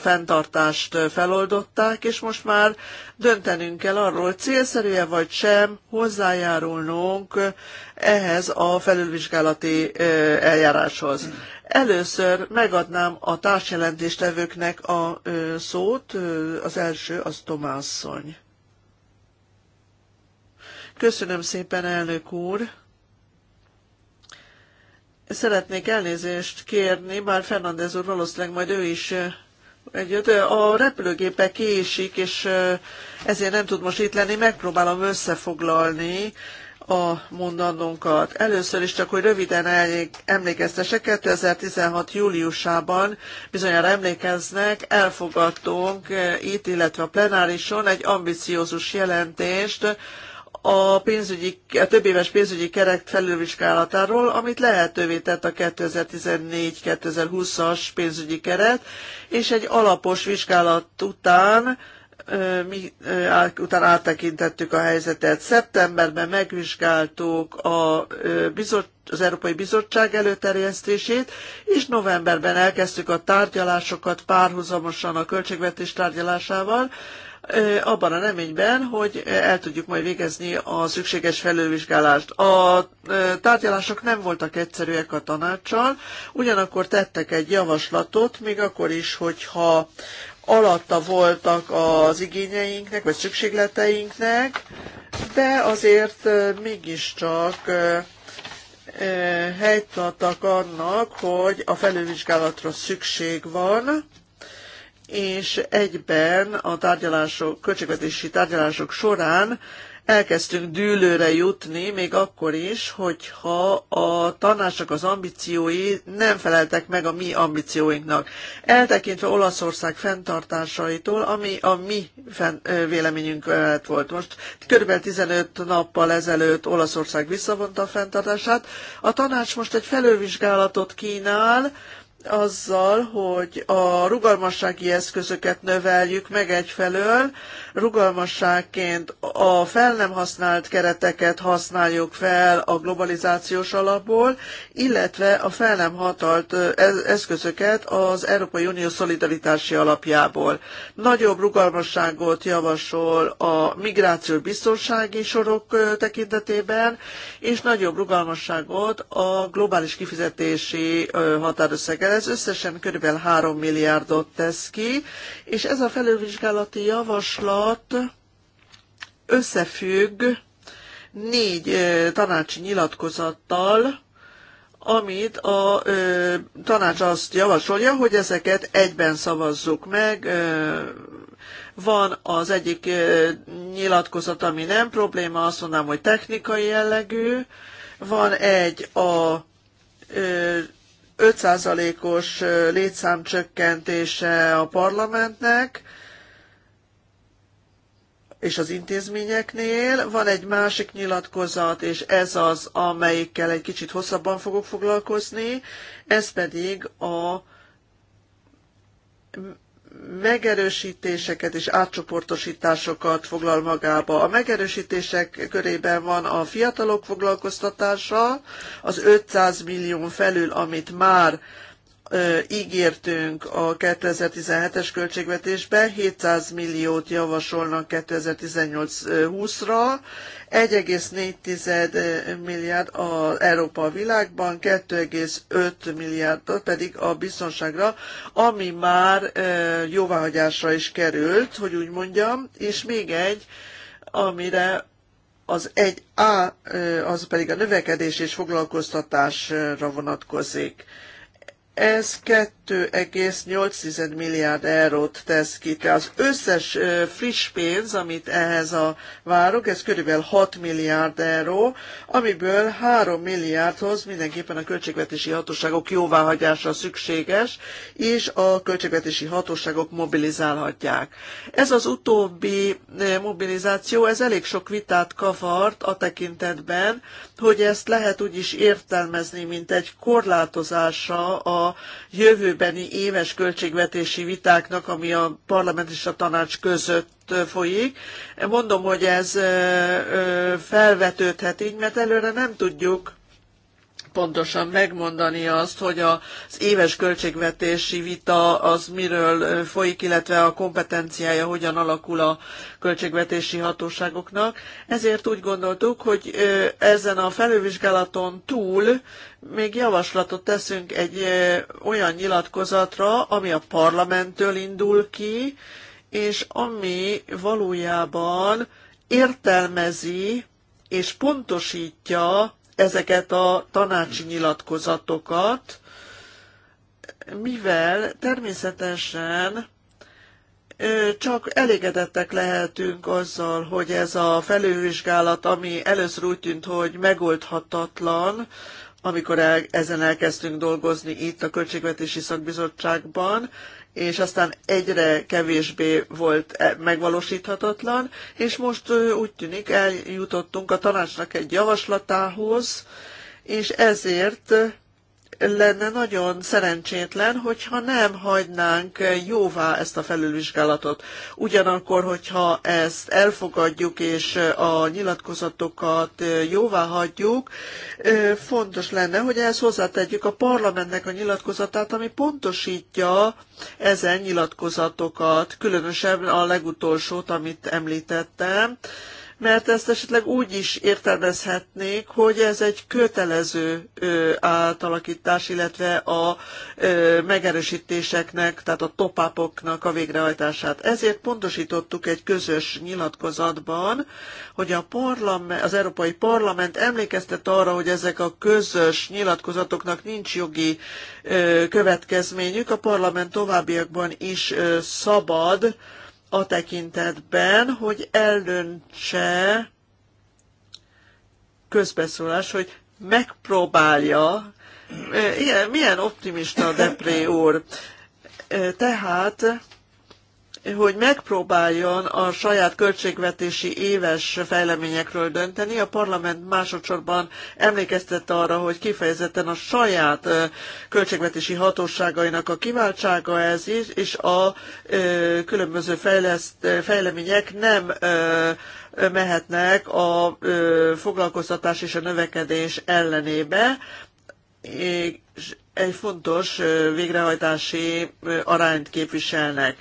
fenntartást feloldották, és most már döntenünk kell arról, hogy célszerű-e vagy sem hozzájárulnunk ehhez a felülvizsgálati eljáráshoz. Először megadnám a társjelentéstevőknek a szót, az első az Tomászony. Köszönöm szépen, elnök úr! Szeretnék elnézést kérni, bár Fernández úr valószínűleg majd ő is együtt. A repülőgépe késik, és ezért nem tud most itt lenni. Megpróbálom összefoglalni a mondandónkat. Először is csak, hogy röviden emlékeztesek, 2016. júliusában bizonyára emlékeznek, elfogadtunk itt, illetve a plenárison egy ambiciózus jelentést a, pénzügyi, a több éves pénzügyi kerek felülvizsgálatáról, amit lehetővé tett a 2014-2020-as pénzügyi keret, és egy alapos vizsgálat után mi utána áttekintettük a helyzetet. Szeptemberben megvizsgáltuk a bizott, az Európai Bizottság előterjesztését, és novemberben elkezdtük a tárgyalásokat párhuzamosan a költségvetés tárgyalásával, abban a reményben, hogy el tudjuk majd végezni a szükséges felülvizsgálást. A tárgyalások nem voltak egyszerűek a tanácssal, ugyanakkor tettek egy javaslatot, még akkor is, hogyha alatta voltak az igényeinknek, vagy szükségleteinknek, de azért mégiscsak helyt adtak annak, hogy a felülvizsgálatra szükség van, és egyben a tárgyalások, költségvetési tárgyalások során elkezdtünk dűlőre jutni, még akkor is, hogyha a tanácsnak az ambíciói nem feleltek meg a mi ambícióinknak. Eltekintve Olaszország fenntartásaitól, ami a mi fenn, véleményünk lett volt. Most kb. 15 nappal ezelőtt Olaszország visszavonta a fenntartását. A tanács most egy felővizsgálatot kínál, azzal, hogy a rugalmassági eszközöket növeljük meg egyfelől, rugalmasságként a fel nem használt kereteket használjuk fel a globalizációs alapból, illetve a fel nem hatalt e-, eszközöket az Európai Unió szolidaritási alapjából. Nagyobb rugalmasságot javasol a migráció biztonsági sorok tekintetében, és nagyobb rugalmasságot a globális kifizetési határösszeget el, ez összesen kb. 3 milliárdot tesz ki, és ez a felülvizsgálati javaslat összefügg négy tanácsi nyilatkozattal, amit a ö, tanács azt javasolja, hogy ezeket egyben szavazzuk meg. Ö, van az egyik ö, nyilatkozat, ami nem probléma, azt mondanám, hogy technikai jellegű. Van egy a ö, 5%-os létszámcsökkentése a parlamentnek, és az intézményeknél. Van egy másik nyilatkozat, és ez az, amelyikkel egy kicsit hosszabban fogok foglalkozni. Ez pedig a megerősítéseket és átcsoportosításokat foglal magába. A megerősítések körében van a fiatalok foglalkoztatása, az 500 millió felül, amit már ígértünk a 2017-es költségvetésbe, 700 milliót javasolnak 2018-20-ra, 1,4 milliárd az Európa a világban, 2,5 milliárdot pedig a biztonságra, ami már jóváhagyásra is került, hogy úgy mondjam, és még egy, amire az egy a az pedig a növekedés és foglalkoztatásra vonatkozik ez 2,8 milliárd eurót tesz ki. Tehát az összes friss pénz, amit ehhez a várok, ez körülbelül 6 milliárd euró, amiből 3 milliárdhoz mindenképpen a költségvetési hatóságok jóváhagyása szükséges, és a költségvetési hatóságok mobilizálhatják. Ez az utóbbi mobilizáció, ez elég sok vitát kavart a tekintetben, hogy ezt lehet úgy is értelmezni, mint egy korlátozása a jövőbeni éves költségvetési vitáknak, ami a parlament és a tanács között folyik. Mondom, hogy ez felvetődhet így, mert előre nem tudjuk, pontosan megmondani azt, hogy az éves költségvetési vita az miről folyik, illetve a kompetenciája hogyan alakul a költségvetési hatóságoknak. Ezért úgy gondoltuk, hogy ezen a felülvizsgálaton túl még javaslatot teszünk egy olyan nyilatkozatra, ami a parlamenttől indul ki, és ami valójában értelmezi és pontosítja ezeket a tanácsi nyilatkozatokat, mivel természetesen csak elégedettek lehetünk azzal, hogy ez a felülvizsgálat, ami először úgy tűnt, hogy megoldhatatlan, amikor el, ezen elkezdtünk dolgozni itt a Költségvetési Szakbizottságban, és aztán egyre kevésbé volt eh, megvalósíthatatlan, és most úgy tűnik eljutottunk a tanácsnak egy javaslatához, és ezért lenne nagyon szerencsétlen, hogyha nem hagynánk jóvá ezt a felülvizsgálatot. Ugyanakkor, hogyha ezt elfogadjuk és a nyilatkozatokat jóvá hagyjuk, fontos lenne, hogy ehhez hozzátegyük a parlamentnek a nyilatkozatát, ami pontosítja ezen nyilatkozatokat, különösen a legutolsót, amit említettem, mert ezt esetleg úgy is értelmezhetnék, hogy ez egy kötelező átalakítás, illetve a megerősítéseknek, tehát a topápoknak a végrehajtását. Ezért pontosítottuk egy közös nyilatkozatban, hogy a parlament, az Európai Parlament emlékeztet arra, hogy ezek a közös nyilatkozatoknak nincs jogi következményük, a parlament továbbiakban is szabad, a tekintetben, hogy eldöntse közbeszólás, hogy megpróbálja, milyen optimista Depré úr. Tehát hogy megpróbáljon a saját költségvetési éves fejleményekről dönteni. A parlament másodszorban emlékeztette arra, hogy kifejezetten a saját költségvetési hatóságainak a kiváltsága ez is, és a különböző fejleszt, fejlemények nem mehetnek a foglalkoztatás és a növekedés ellenébe, és egy fontos végrehajtási arányt képviselnek.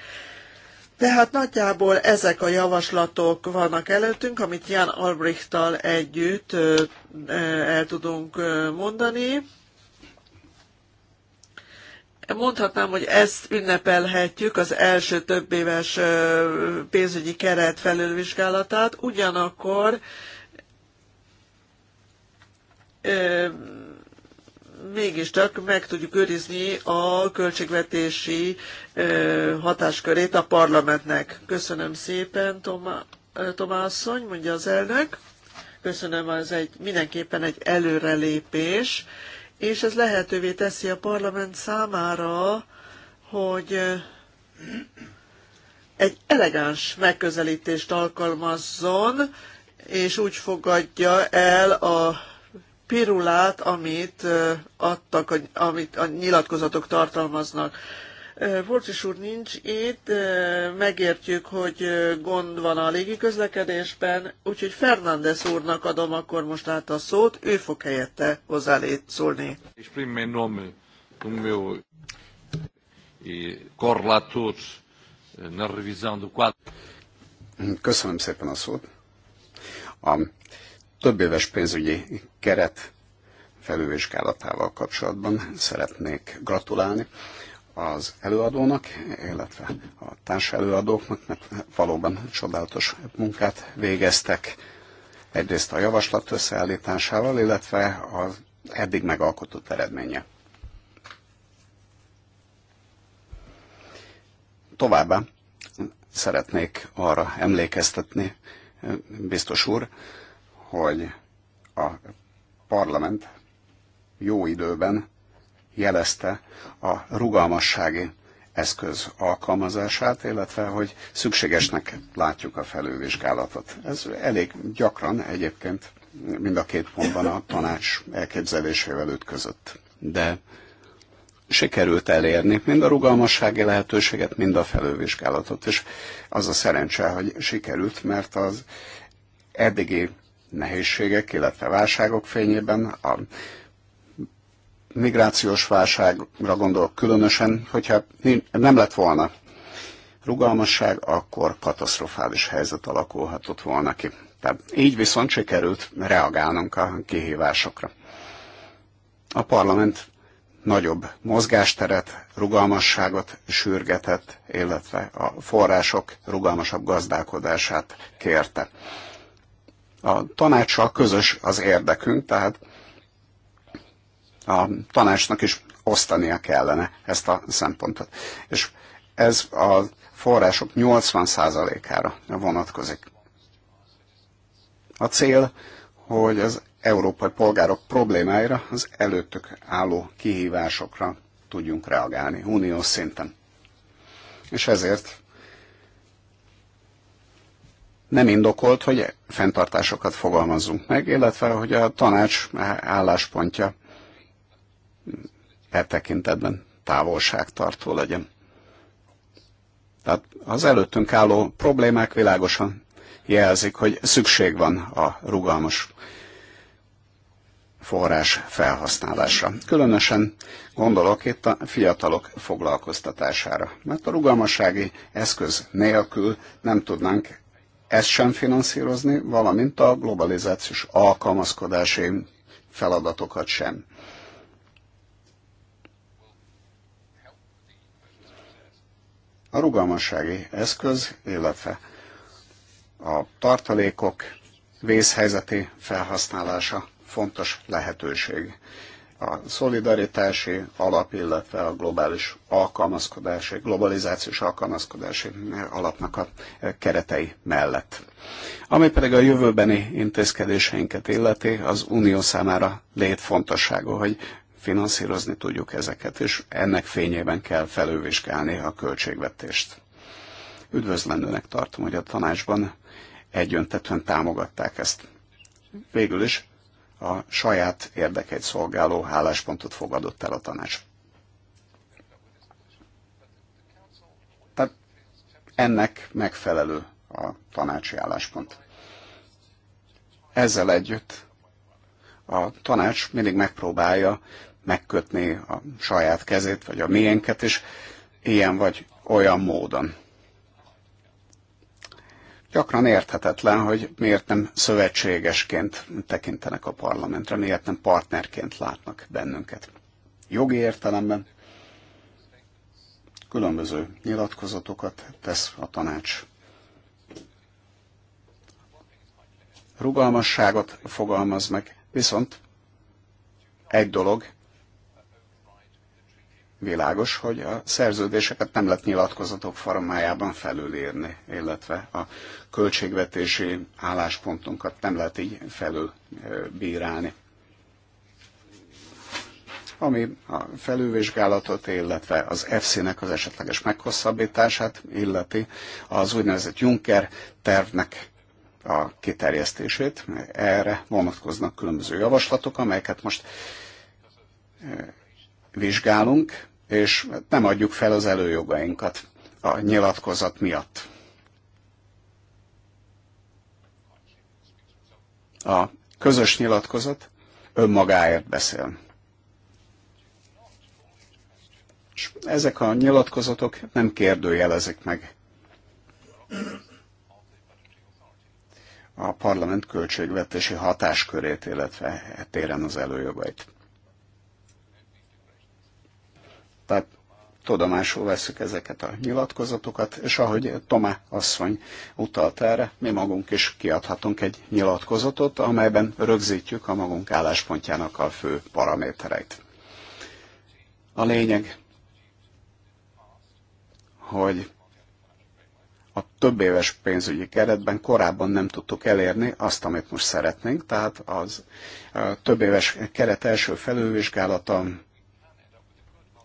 Tehát nagyjából ezek a javaslatok vannak előttünk, amit Jan Albrichttal együtt el tudunk mondani. Mondhatnám, hogy ezt ünnepelhetjük az első több éves pénzügyi keret felülvizsgálatát, ugyanakkor mégiscsak meg tudjuk őrizni a költségvetési hatáskörét a parlamentnek. Köszönöm szépen, Tomászony, mondja az elnök. Köszönöm, ez egy, mindenképpen egy előrelépés, és ez lehetővé teszi a parlament számára, hogy egy elegáns megközelítést alkalmazzon, és úgy fogadja el a pirulát, amit adtak, amit a nyilatkozatok tartalmaznak. Forcsis úr nincs itt, megértjük, hogy gond van a légiközlekedésben, úgyhogy Fernández úrnak adom akkor most át a szót, ő fog helyette hozzá szólni. Eh, eh, Köszönöm szépen a szót. A több éves pénzügyi keret felülvizsgálatával kapcsolatban szeretnék gratulálni az előadónak, illetve a társ előadóknak, mert valóban csodálatos munkát végeztek egyrészt a javaslat összeállításával, illetve az eddig megalkotott eredménye. Továbbá szeretnék arra emlékeztetni, biztos úr, hogy a parlament jó időben jelezte a rugalmassági eszköz alkalmazását, illetve hogy szükségesnek látjuk a felővizsgálatot. Ez elég gyakran egyébként mind a két pontban a tanács elképzelésével ütközött. De sikerült elérni mind a rugalmassági lehetőséget, mind a felővizsgálatot, és az a szerencse, hogy sikerült, mert az eddigi nehézségek, illetve válságok fényében, a migrációs válságra gondolok különösen, hogyha nem lett volna rugalmasság, akkor katasztrofális helyzet alakulhatott volna ki. Tehát így viszont sikerült reagálnunk a kihívásokra. A parlament nagyobb mozgásteret, rugalmasságot sürgetett, illetve a források rugalmasabb gazdálkodását kérte. A tanácssal közös az érdekünk, tehát a tanácsnak is osztania kellene ezt a szempontot. És ez a források 80%-ára vonatkozik. A cél, hogy az európai polgárok problémáira, az előttük álló kihívásokra tudjunk reagálni uniós szinten. És ezért nem indokolt, hogy fenntartásokat fogalmazzunk meg, illetve hogy a tanács álláspontja e tekintetben távolságtartó legyen. Tehát az előttünk álló problémák világosan jelzik, hogy szükség van a rugalmas forrás felhasználásra. Különösen gondolok itt a fiatalok foglalkoztatására, mert a rugalmassági eszköz nélkül nem tudnánk ezt sem finanszírozni, valamint a globalizációs alkalmazkodási feladatokat sem. A rugalmassági eszköz, illetve a tartalékok vészhelyzeti felhasználása fontos lehetőség a szolidaritási alap, illetve a globális alkalmazkodási, globalizációs alkalmazkodási alapnak a keretei mellett. Ami pedig a jövőbeni intézkedéseinket illeti, az unió számára létfontosságú, hogy finanszírozni tudjuk ezeket, és ennek fényében kell felővizsgálni a költségvetést. Üdvözlendőnek tartom, hogy a tanácsban egyöntetően támogatták ezt. Végül is a saját érdekeit szolgáló álláspontot fogadott el a tanács. Tehát ennek megfelelő a tanácsi álláspont. Ezzel együtt a tanács mindig megpróbálja megkötni a saját kezét, vagy a miénket is, ilyen vagy olyan módon. Gyakran érthetetlen, hogy miért nem szövetségesként tekintenek a parlamentre, miért nem partnerként látnak bennünket. Jogi értelemben különböző nyilatkozatokat tesz a tanács. Rugalmasságot fogalmaz meg, viszont egy dolog Világos, hogy a szerződéseket nem lehet nyilatkozatok formájában felülírni, illetve a költségvetési álláspontunkat nem lehet így felülbírálni. Ami a felülvizsgálatot, illetve az FC-nek az esetleges meghosszabbítását illeti, az úgynevezett Juncker tervnek a kiterjesztését. Erre vonatkoznak különböző javaslatok, amelyeket most vizsgálunk, és nem adjuk fel az előjogainkat a nyilatkozat miatt. A közös nyilatkozat önmagáért beszél. És ezek a nyilatkozatok nem kérdőjelezik meg a parlament költségvetési hatáskörét, illetve téren az előjogait. Tehát tudomásul veszük ezeket a nyilatkozatokat, és ahogy Tomá asszony utalt erre, mi magunk is kiadhatunk egy nyilatkozatot, amelyben rögzítjük a magunk álláspontjának a fő paramétereit. A lényeg, hogy a több éves pénzügyi keretben korábban nem tudtuk elérni azt, amit most szeretnénk, tehát az több éves keret első felülvizsgálata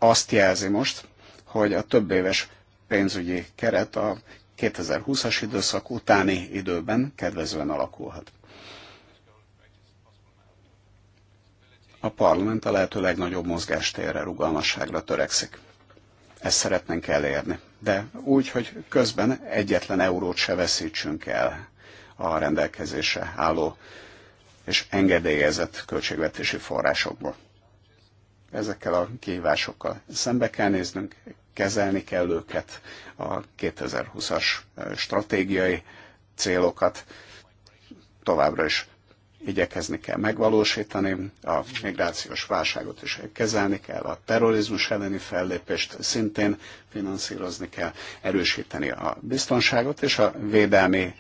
azt jelzi most, hogy a több éves pénzügyi keret a 2020-as időszak utáni időben kedvezően alakulhat. A parlament a lehető legnagyobb mozgástérre, rugalmasságra törekszik. Ezt szeretnénk elérni. De úgy, hogy közben egyetlen eurót se veszítsünk el a rendelkezésre álló és engedélyezett költségvetési forrásokból ezekkel a kihívásokkal szembe kell néznünk, kezelni kell őket, a 2020-as stratégiai célokat továbbra is igyekezni kell megvalósítani, a migrációs válságot is kezelni kell, a terrorizmus elleni fellépést szintén finanszírozni kell, erősíteni a biztonságot, és a védelmi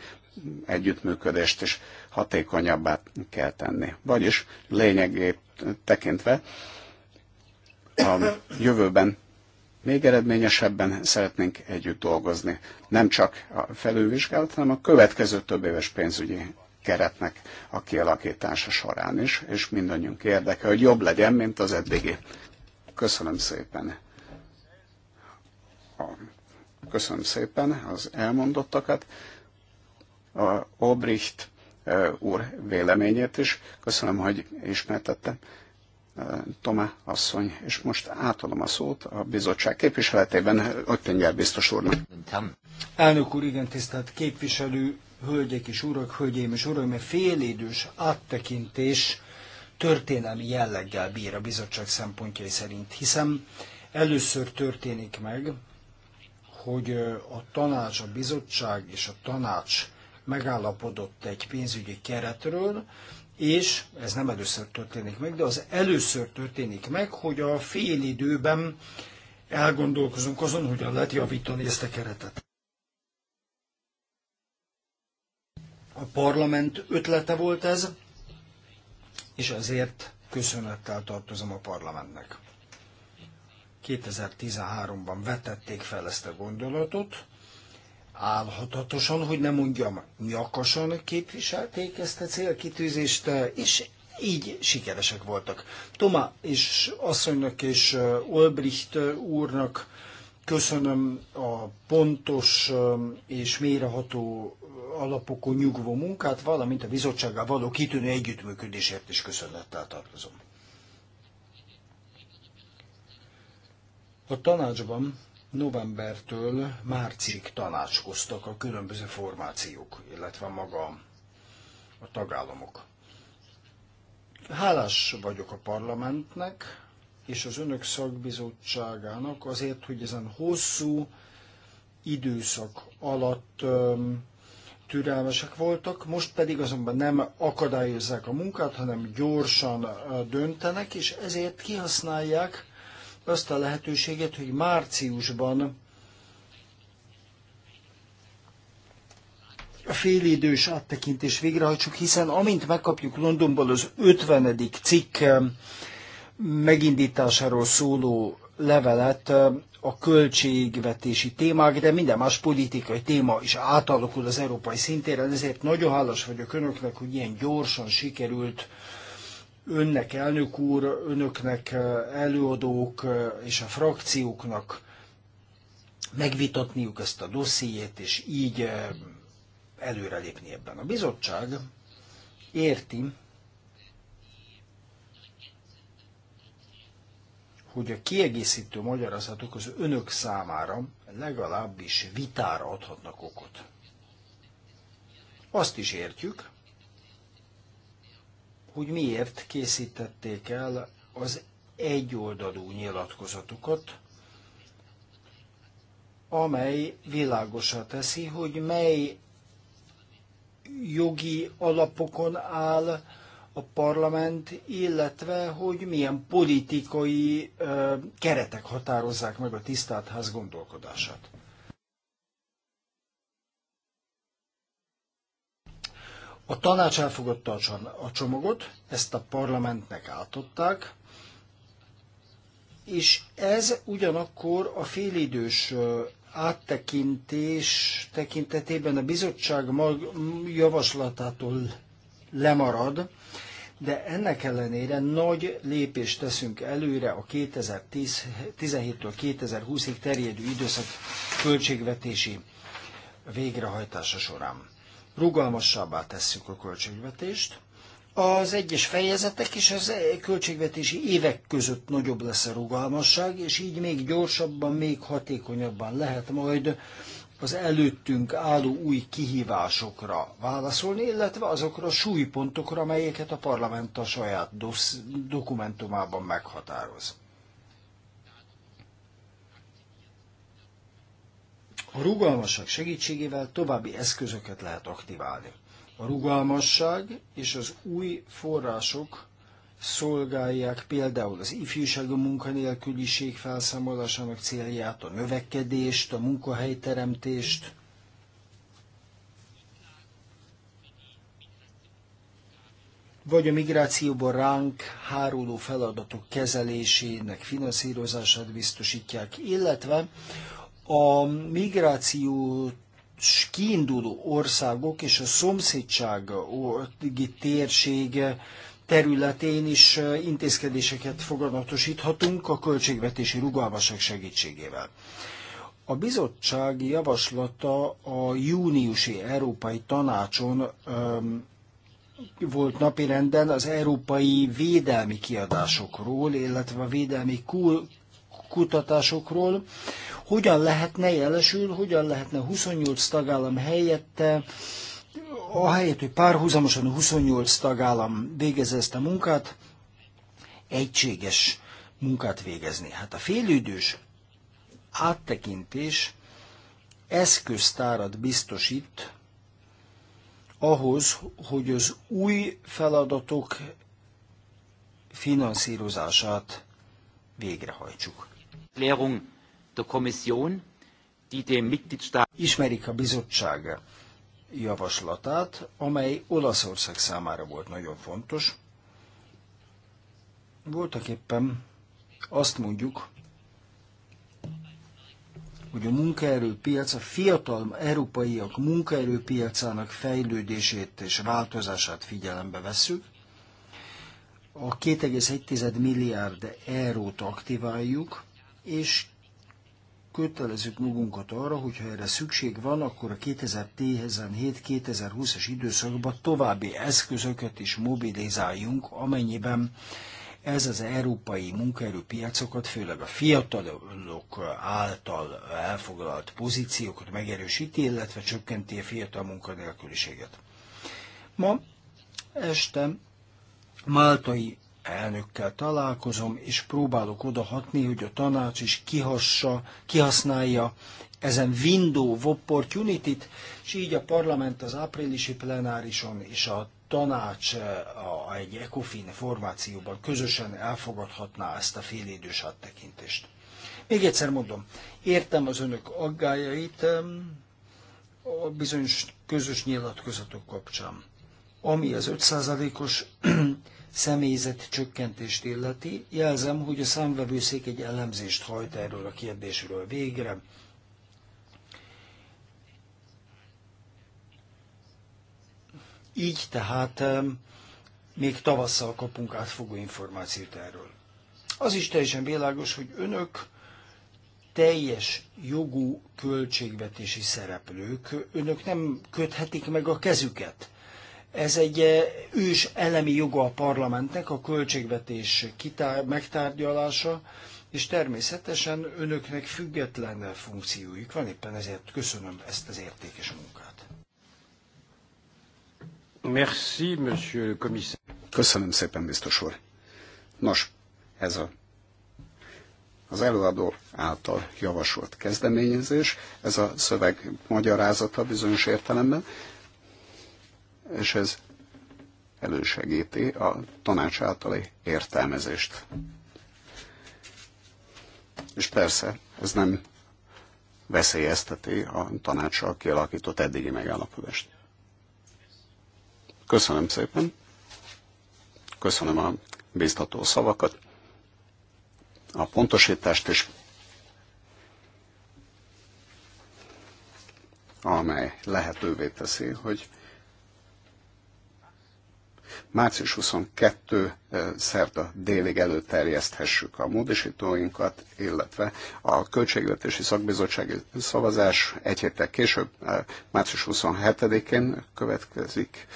együttműködést is hatékonyabbá kell tenni. Vagyis lényegét tekintve a jövőben még eredményesebben szeretnénk együtt dolgozni. Nem csak a felülvizsgálat, hanem a következő több éves pénzügyi keretnek a kialakítása során is, és mindannyiunk érdeke, hogy jobb legyen, mint az eddigi. Köszönöm szépen. Köszönöm szépen az elmondottakat. A Obricht úr véleményét is. Köszönöm, hogy ismertettem. Tomá asszony, és most átadom a szót a bizottság képviseletében Öttinger biztos úrnak. Elnök úr, igen, tisztelt képviselő, hölgyek és urak, hölgyeim és uraim, mert félidős áttekintés történelmi jelleggel bír a bizottság szempontjai szerint, hiszen először történik meg, hogy a tanács, a bizottság és a tanács megállapodott egy pénzügyi keretről, és ez nem először történik meg, de az először történik meg, hogy a fél időben elgondolkozunk azon, hogyan lehet javítani ezt a keretet. A parlament ötlete volt ez, és ezért köszönettel tartozom a parlamentnek. 2013-ban vetették fel ezt a gondolatot, álhatatosan, hogy nem mondjam, nyakasan képviselték ezt a célkitűzést, eh, és így sikeresek voltak. Tomá és asszonynak és eh, Olbricht eh, úrnak köszönöm a pontos és mélyreható alapokon nyugvó munkát, valamint a bizottsággal való kitűnő együttműködésért is köszönettel tartozom. A tanácsban novembertől márciig tanácskoztak a különböző formációk, illetve maga a tagállamok. Hálás vagyok a parlamentnek és az önök szakbizottságának azért, hogy ezen hosszú időszak alatt türelmesek voltak, most pedig azonban nem akadályozzák a munkát, hanem gyorsan döntenek, és ezért kihasználják azt a lehetőséget, hogy márciusban a félidős áttekintés végrehajtsuk, hiszen amint megkapjuk Londonból az 50. cikk megindításáról szóló levelet, a költségvetési témák, de minden más politikai téma is átalakul az európai szintéren, ezért nagyon hálás vagyok önöknek, hogy ilyen gyorsan sikerült uh, önnek, elnök úr, önöknek, előadók és a frakcióknak megvitatniuk ezt a dossziét, és így eh, előrelépni ebben. A bizottság érti, hogy a kiegészítő magyarázatok az önök számára legalábbis vitára adhatnak okot. Azt is értjük, hogy miért készítették el az egyoldalú nyilatkozatukat, amely világosá teszi, hogy mely jogi alapokon áll a parlament, illetve hogy milyen politikai ö, keretek határozzák meg a tisztátház gondolkodását. A tanács elfogadta a csomagot, ezt a parlamentnek átadták, és ez ugyanakkor a félidős áttekintés tekintetében a bizottság mag javaslatától lemarad, de ennek ellenére nagy lépést teszünk előre a 2017-től 2020-ig terjedő időszak költségvetési végrehajtása során rugalmasabbá tesszük a költségvetést, az egyes fejezetek és az e- költségvetési évek között nagyobb lesz a rugalmasság, és így még gyorsabban, még hatékonyabban lehet majd az előttünk álló új kihívásokra válaszolni, illetve azokra a súlypontokra, amelyeket a parlament a saját dokumentumában meghatároz. A rugalmasság segítségével további eszközöket lehet aktiválni. A rugalmasság és az új források szolgálják például az ifjúsági munkanélküliség felszámolásának célját, a növekedést, a munkahelyteremtést, vagy a migrációban ránk háruló feladatok kezelésének finanszírozását biztosítják, illetve a migráció kiinduló országok és a szomszédság térség területén is intézkedéseket fogadatosíthatunk a költségvetési rugalmaság segítségével. A bizottság javaslata a júniusi Európai Tanácson öm, volt napirenden az európai védelmi kiadásokról, illetve a védelmi kutatásokról, hogyan lehetne jelesül, hogyan lehetne 28 tagállam helyette, ahelyett, hogy párhuzamosan 28 tagállam végezze ezt a munkát, egységes munkát végezni. Hát a félidős áttekintés eszköztárat biztosít ahhoz, hogy az új feladatok finanszírozását végrehajtsuk. Klärung der Kommission, die dem Mitgliedstaat Ismerik a bizottság javaslatát, amely Olaszország számára volt nagyon fontos. Voltak éppen azt mondjuk, hogy a munkaerőpiac a fiatal európaiak munkaerőpiacának fejlődését és változását figyelembe vesszük, a 2,1 milliárd eurót aktiváljuk, és kötelezzük magunkat arra, hogyha erre szükség van, akkor a 2017-2020-as időszakban további eszközöket is mobilizáljunk, amennyiben ez az európai munkaerőpiacokat, főleg a fiatalok által elfoglalt pozíciókat megerősíti, illetve csökkenti a fiatal munkanélküliséget. Ma este máltai elnökkel találkozom, és próbálok odahatni, hogy a tanács is kihassa, kihasználja ezen window of opportunity-t, és így a parlament az áprilisi plenárison és a tanács eh, a, egy ECOFIN formációban közösen elfogadhatná ezt a félidős áttekintést. Még egyszer mondom, értem az önök aggájait a bizonyos közös nyilatkozatok kapcsán. Ami az 5%-os személyzet csökkentést illeti. Jelzem, hogy a számvevőszék egy elemzést hajt erről a kérdésről végre. Így tehát még tavasszal kapunk átfogó információt erről. Az is teljesen világos, hogy önök teljes jogú költségvetési szereplők, önök nem köthetik meg a kezüket ez egy eh, ős elemi joga a parlamentnek, a költségvetés kitár, megtárgyalása, és természetesen önöknek független funkciójuk van, éppen ezért köszönöm ezt az értékes munkát. Merci, monsieur le commissaire. Köszönöm szépen, biztos úr. Nos, ez a az előadó által javasolt kezdeményezés, ez a szöveg magyarázata bizonyos értelemben, és ez elősegíti a tanács általi értelmezést. És persze, ez nem veszélyezteti a tanácssal kialakított eddigi megállapodást. Köszönöm szépen, köszönöm a biztató szavakat, a pontosítást is, amely lehetővé teszi, hogy március 22 szerda délig előterjeszthessük a módosítóinkat, illetve a Költségvetési Szakbizottsági Szavazás egy héttel később, március 27-én következik,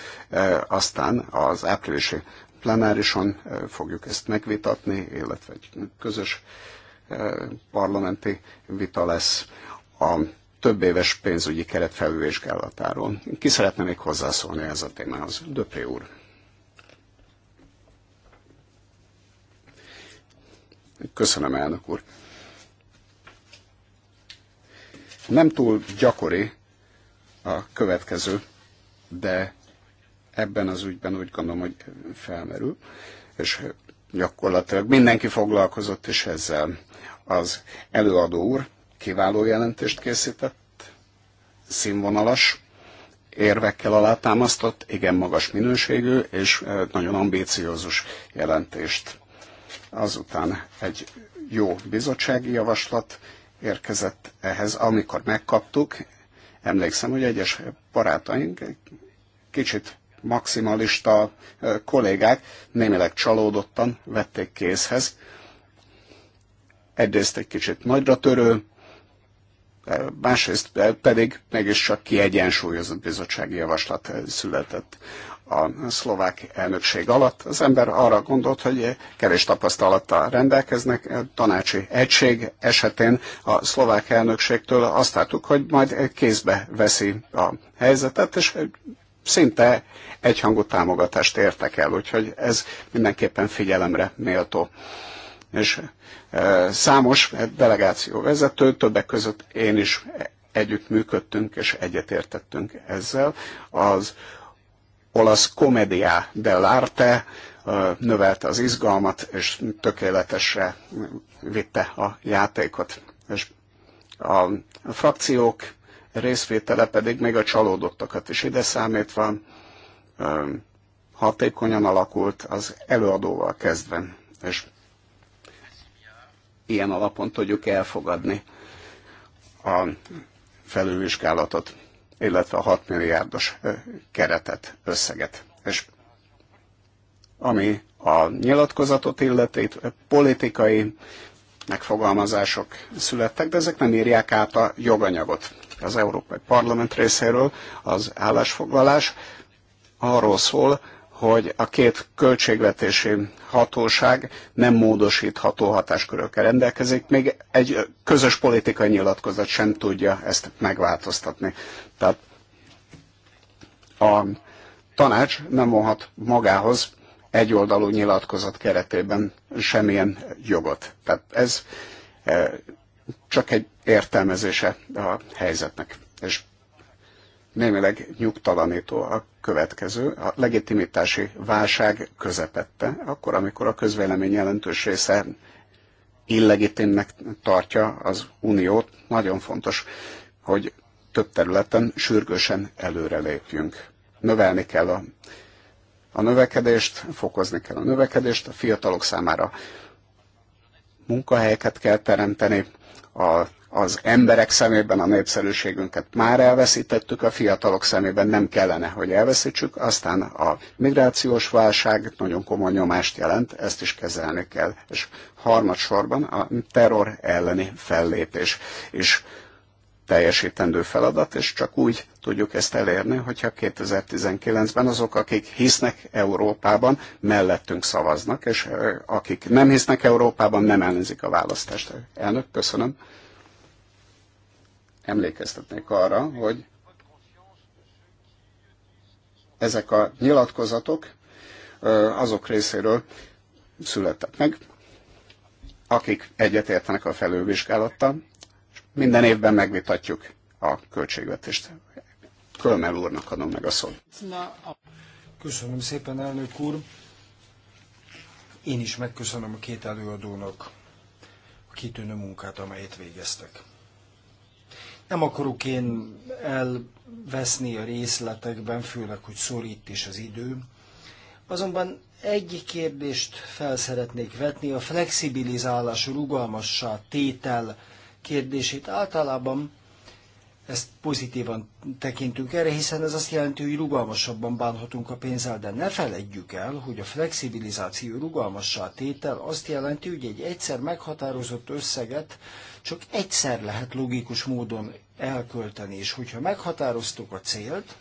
aztán az áprilisi plenárison fogjuk ezt megvitatni, illetve egy közös parlamenti vita lesz a több éves pénzügyi keret felülvizsgálatáról. Ki szeretne még hozzászólni ez a témához? Döpré úr. Köszönöm, elnök úr. Nem túl gyakori a következő, de ebben az ügyben úgy gondolom, hogy felmerül, és gyakorlatilag mindenki foglalkozott is ezzel. Az előadó úr kiváló jelentést készített, színvonalas, érvekkel alátámasztott, igen magas minőségű és eh, nagyon ambíciózus jelentést Azután egy jó bizottsági javaslat érkezett ehhez, amikor megkaptuk. Emlékszem, hogy egyes barátaink kicsit maximalista kollégák némileg csalódottan vették kézhez. Egyrészt egy kicsit nagyra törő, másrészt pedig mégiscsak kiegyensúlyozott bizottsági javaslat született a szlovák elnökség alatt. Az ember arra gondolt, hogy kevés tapasztalattal rendelkeznek. tanácsi egység esetén a szlovák elnökségtől azt láttuk, hogy majd kézbe veszi a helyzetet, és szinte egyhangú támogatást értek el, úgyhogy ez mindenképpen figyelemre méltó. És e, számos delegáció vezető, többek között én is együttműködtünk és egyetértettünk ezzel. Az olasz komedia dell'arte növelte az izgalmat, és tökéletesre vitte a játékot. És a frakciók részvétele pedig még a csalódottakat is ide számítva hatékonyan alakult az előadóval kezdve, és ilyen alapon tudjuk elfogadni a felülvizsgálatot illetve a 6 milliárdos keretet, összeget. És ami a nyilatkozatot illeti, politikai megfogalmazások születtek, de ezek nem írják át a joganyagot. Az Európai Parlament részéről az állásfoglalás arról szól, hogy a két költségvetési hatóság nem módosítható hatáskörökkel rendelkezik, még egy közös politikai nyilatkozat sem tudja ezt megváltoztatni. Tehát a tanács nem vonhat magához egyoldalú nyilatkozat keretében semmilyen jogot. Tehát ez eh, csak egy értelmezése a helyzetnek. És némileg nyugtalanító a következő, a legitimitási válság közepette, akkor, amikor a közvélemény jelentős része illegitimnek tartja az uniót, nagyon fontos, hogy több területen sürgősen előrelépjünk. Növelni kell a, a növekedést, fokozni kell a növekedést, a fiatalok számára munkahelyeket kell teremteni, a az emberek szemében a népszerűségünket már elveszítettük, a fiatalok szemében nem kellene, hogy elveszítsük, aztán a migrációs válság nagyon komoly nyomást jelent, ezt is kezelni kell. És harmadsorban a terror elleni fellépés is teljesítendő feladat, és csak úgy tudjuk ezt elérni, hogyha 2019-ben azok, akik hisznek Európában, mellettünk szavaznak, és akik nem hisznek Európában, nem elnézik a választást. Elnök, köszönöm emlékeztetnék arra, hogy ezek a nyilatkozatok azok részéről születtek meg, akik egyetértenek a felülvizsgálattal, és minden évben megvitatjuk a költségvetést. Kölmel úrnak adom meg a szót. Köszönöm szépen, elnök úr. Én is megköszönöm a két előadónak a kitűnő munkát, amelyet végeztek. Nem akarok én elveszni a részletekben, főleg, hogy szorít is az idő. Azonban egy kérdést fel szeretnék vetni, a flexibilizálás, rugalmassá tétel kérdését általában ezt pozitívan tekintünk erre, hiszen ez azt jelenti, hogy rugalmasabban bánhatunk a pénzzel, de ne feledjük el, hogy a flexibilizáció rugalmassá tétel azt jelenti, hogy egy egyszer meghatározott összeget csak egyszer lehet logikus módon elkölteni, és hogyha meghatároztuk a célt,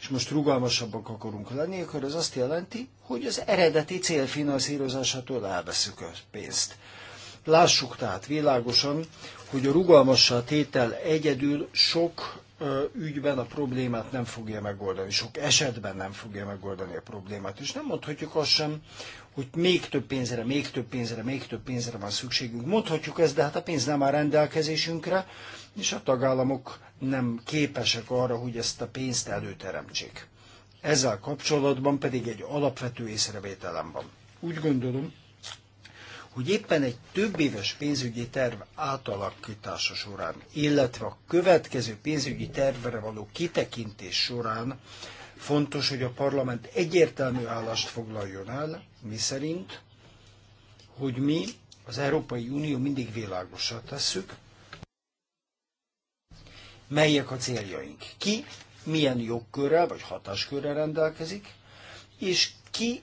és most rugalmasabbak akarunk lenni, akkor ez azt jelenti, hogy az eredeti cél finanszírozásától elveszük a pénzt. Lássuk tehát világosan, hogy a rugalmassá tétel egyedül sok ügyben a problémát nem fogja megoldani, sok esetben nem fogja megoldani a problémát. És nem mondhatjuk azt sem, hogy még több pénzre, még több pénzre, még több pénzre van szükségünk. Mondhatjuk ezt, de hát a pénz nem áll rendelkezésünkre, és a tagállamok nem képesek arra, hogy ezt a pénzt előteremtsék. Ezzel kapcsolatban pedig egy alapvető észrevételem van. Úgy gondolom, hogy éppen egy több éves pénzügyi terv átalakítása során, illetve a következő pénzügyi tervre való kitekintés során Fontos, hogy a parlament egyértelmű állást foglaljon el, mi szerint, hogy mi az Európai Unió mindig világosra tesszük, melyek a céljaink. Ki milyen jogkörrel vagy hatáskörrel rendelkezik, és ki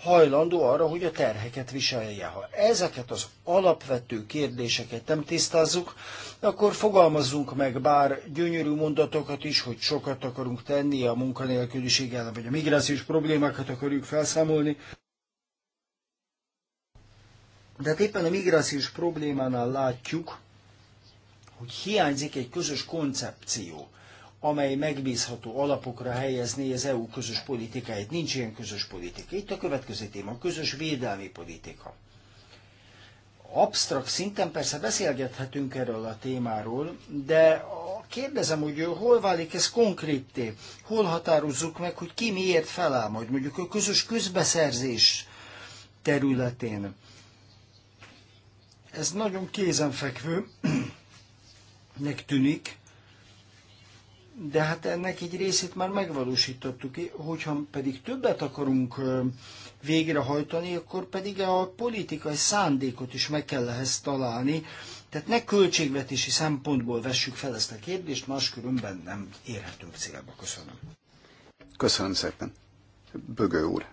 hajlandó arra, hogy a terheket viselje. Ha ezeket az alapvető kérdéseket nem tisztázzuk, akkor fogalmazzunk meg bár gyönyörű mondatokat is, hogy sokat akarunk tenni a munkanélküliséggel, vagy a migrációs problémákat akarjuk felszámolni. De hát éppen a migrációs problémánál látjuk, hogy hiányzik egy közös koncepció amely megbízható alapokra helyezné az EU közös politikáit. Nincs ilyen közös politika. Itt a következő téma, a közös védelmi politika. Absztrakt szinten persze beszélgethetünk erről a témáról, de kérdezem, hogy hol válik ez konkrétté? Hol határozzuk meg, hogy ki miért feláll majd mondjuk a közös közbeszerzés területén? Ez nagyon kézenfekvőnek tűnik, de hát ennek egy részét már megvalósítottuk, hogyha pedig többet akarunk végrehajtani, akkor pedig a politikai szándékot is meg kell ehhez találni. Tehát ne költségvetési szempontból vessük fel ezt a kérdést, máskülönben nem érhetünk célba. Köszönöm. Köszönöm szépen. Bögő úr.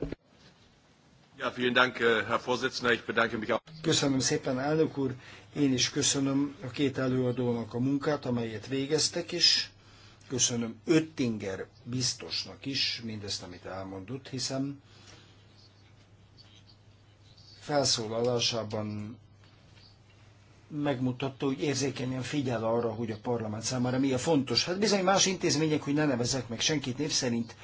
Köszönöm szépen, elnök úr. Én is köszönöm a két előadónak a munkát, amelyet végeztek, és Köszönöm Öttinger biztosnak is mindezt, amit elmondott, hiszen felszólalásában megmutatta, hogy érzékenyen figyel arra, hogy a parlament számára mi a fontos. Hát bizony más intézmények, hogy ne nevezek meg senkit név szerint,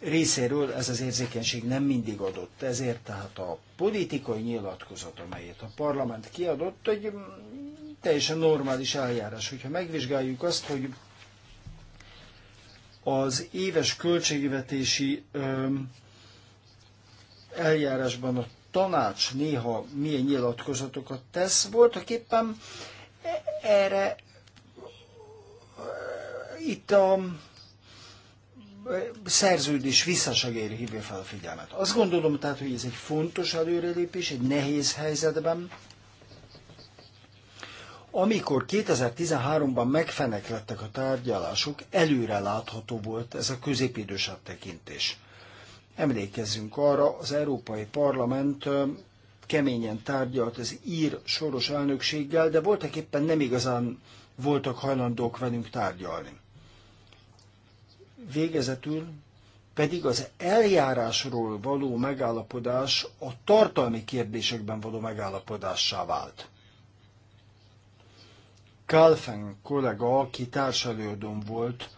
részéről ez az érzékenység nem mindig adott. Ezért tehát a politikai nyilatkozat, amelyet a parlament kiadott, egy teljesen normális eljárás. Hogyha megvizsgáljuk azt, hogy az éves költségvetési eljárásban a tanács néha milyen nyilatkozatokat tesz, voltak éppen erre itt a szerződés visszasegélyre hívja fel a figyelmet. Azt gondolom tehát, hogy ez egy fontos előrelépés, egy nehéz helyzetben, amikor 2013-ban megfeneklettek a tárgyalások, előre látható volt ez a középidősebb tekintés. Emlékezzünk arra, az Európai Parlament keményen tárgyalt az ír soros elnökséggel, de voltak éppen nem igazán voltak hajlandók velünk tárgyalni. Végezetül pedig az eljárásról való megállapodás a tartalmi kérdésekben való megállapodássá vált. Kalfen kollega, aki társelődöm volt,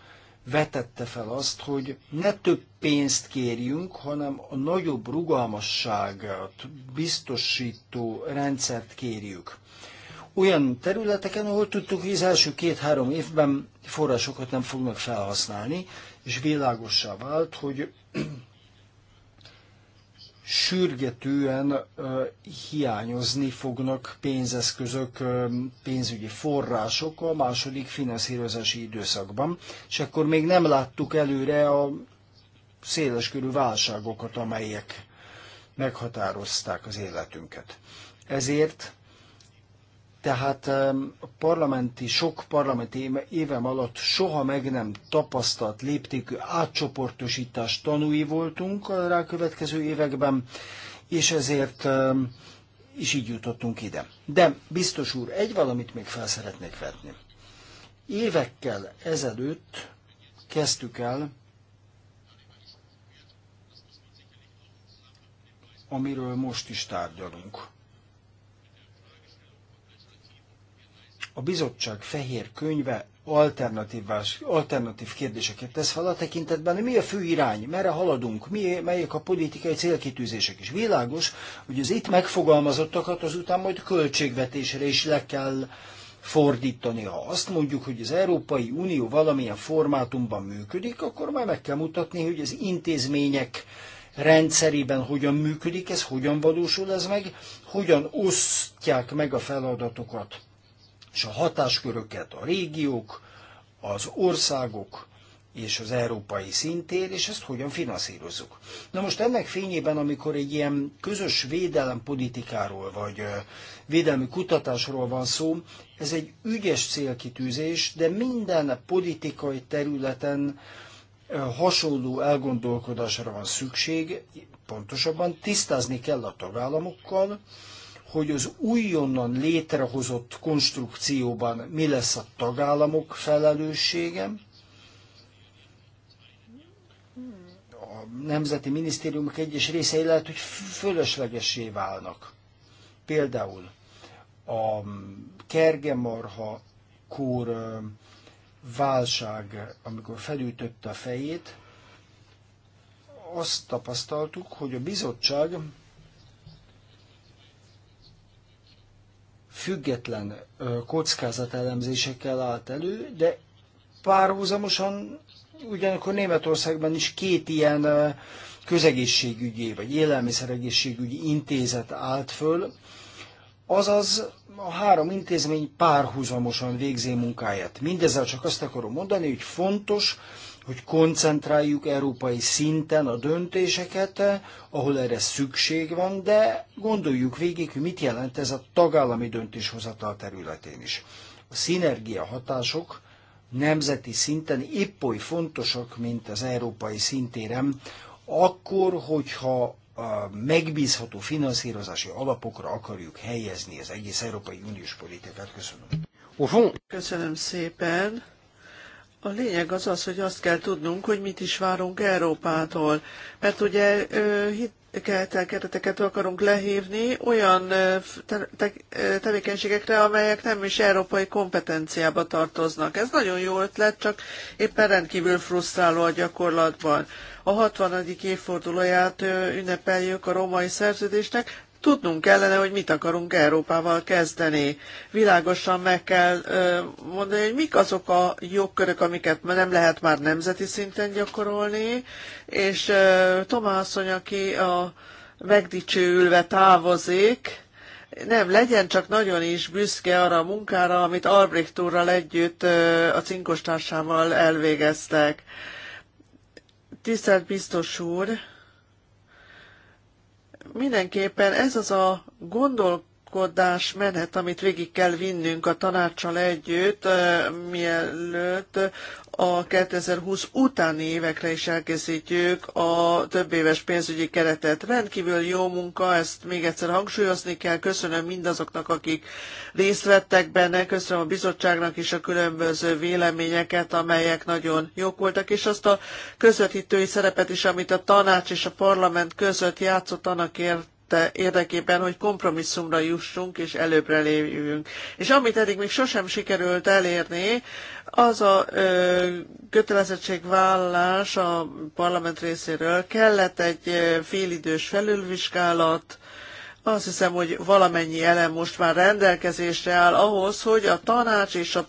vetette fel azt, hogy ne több pénzt kérjünk, hanem a nagyobb rugalmasságot biztosító rendszert kérjük. Olyan területeken, ahol tudtuk, hogy az első két-három évben forrásokat nem fognak felhasználni, és világosá vált, hogy sürgetően hiányozni fognak pénzeszközök, pénzügyi források a második finanszírozási időszakban, és akkor még nem láttuk előre a széleskörű válságokat, amelyek meghatározták az életünket. Ezért tehát a parlamenti, sok parlamenti évem alatt soha meg nem tapasztalt léptékű átcsoportosítás tanúi voltunk a rákövetkező években, és ezért is így jutottunk ide. De biztos úr, egy valamit még fel szeretnék vetni. Évekkel ezelőtt kezdtük el, amiről most is tárgyalunk a bizottság fehér könyve alternatív kérdéseket tesz fel a tekintetben, hogy mi a fő irány, merre haladunk, mi, melyek a politikai célkitűzések. is világos, hogy az itt megfogalmazottakat azután majd költségvetésre is le kell fordítani. Ha azt mondjuk, hogy az Európai Unió valamilyen formátumban működik, akkor már meg kell mutatni, hogy az intézmények rendszerében hogyan működik ez, hogyan valósul ez meg, hogyan osztják meg a feladatokat és a hatásköröket a régiók, az országok és az európai szintér, és ezt hogyan finanszírozzuk. Na most ennek fényében, amikor egy ilyen közös védelempolitikáról vagy védelmi kutatásról van szó, ez egy ügyes célkitűzés, de minden politikai területen hasonló elgondolkodásra van szükség, pontosabban tisztázni kell a tagállamokkal, hogy az újonnan létrehozott konstrukcióban mi lesz a tagállamok felelőssége, a nemzeti minisztériumok egyes részei lehet, hogy fölöslegesé válnak. Például a kergemarha kór válság, amikor felütötte a fejét, azt tapasztaltuk, hogy a bizottság független kockázatelemzésekkel állt elő, de párhuzamosan ugyanakkor Németországban is két ilyen közegészségügyi vagy élelmiszeregészségügyi intézet állt föl, azaz a három intézmény párhuzamosan végzi munkáját. Mindezzel csak azt akarom mondani, hogy fontos, hogy koncentráljuk európai szinten a döntéseket, eh, ahol erre szükség van, de gondoljuk végig, hogy mit jelent ez a tagállami döntéshozatal területén is. A szinergia hatások nemzeti szinten épp oly fontosak, mint az európai szintérem, akkor, hogyha a megbízható finanszírozási alapokra akarjuk helyezni az egész Európai Uniós politikát. Köszönöm. Köszönöm szépen. A lényeg az az, hogy azt kell tudnunk, hogy mit is várunk Európától. Mert ugye hitelkereteket akarunk lehívni olyan te te tevékenységekre, amelyek nem is európai kompetenciába tartoznak. Ez nagyon jó ötlet, csak éppen rendkívül frusztráló a gyakorlatban. A 60. évfordulóját ünnepeljük a római szerződésnek, Tudnunk kellene, hogy mit akarunk Európával kezdeni. Világosan meg kell mondani, hogy mik azok a jogkörök, amiket nem lehet már nemzeti szinten gyakorolni, és Tomászony, aki a megdicsőülve távozik, nem, legyen csak nagyon is büszke arra a munkára, amit Albrecht úrral együtt a cinkostársával elvégeztek. Tisztelt biztos úr! mindenképpen ez az a gondolkodás menet, amit végig kell vinnünk a tanácssal együtt, eh, mielőtt a 2020 utáni évekre is elkészítjük a több éves pénzügyi keretet. Rendkívül jó munka, ezt még egyszer hangsúlyozni kell. Köszönöm mindazoknak, akik részt vettek benne, köszönöm a bizottságnak is a különböző véleményeket, amelyek nagyon jók voltak, és azt a közvetítői szerepet is, amit a tanács és a parlament között játszott annak ért, érdekében, hogy kompromisszumra jussunk és előbbre lépjünk. És amit eddig még sosem sikerült elérni, az a ö, kötelezettségvállás a parlament részéről kellett egy félidős felülvizsgálat, azt hiszem, hogy valamennyi elem most már rendelkezésre áll ahhoz, hogy a tanács és a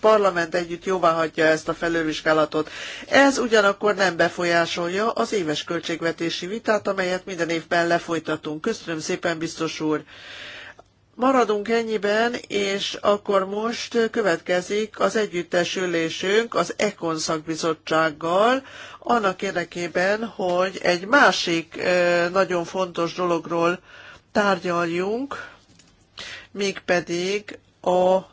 parlament együtt jóváhagyja ezt a felővizsgálatot. Ez ugyanakkor nem befolyásolja az éves költségvetési vitát, amelyet minden évben lefolytatunk. Köszönöm szépen, biztos úr! Maradunk ennyiben, és akkor most következik az együttes ülésünk az Ekon szakbizottsággal, annak érdekében, hogy egy másik nagyon fontos dologról tárgyaljunk, mégpedig a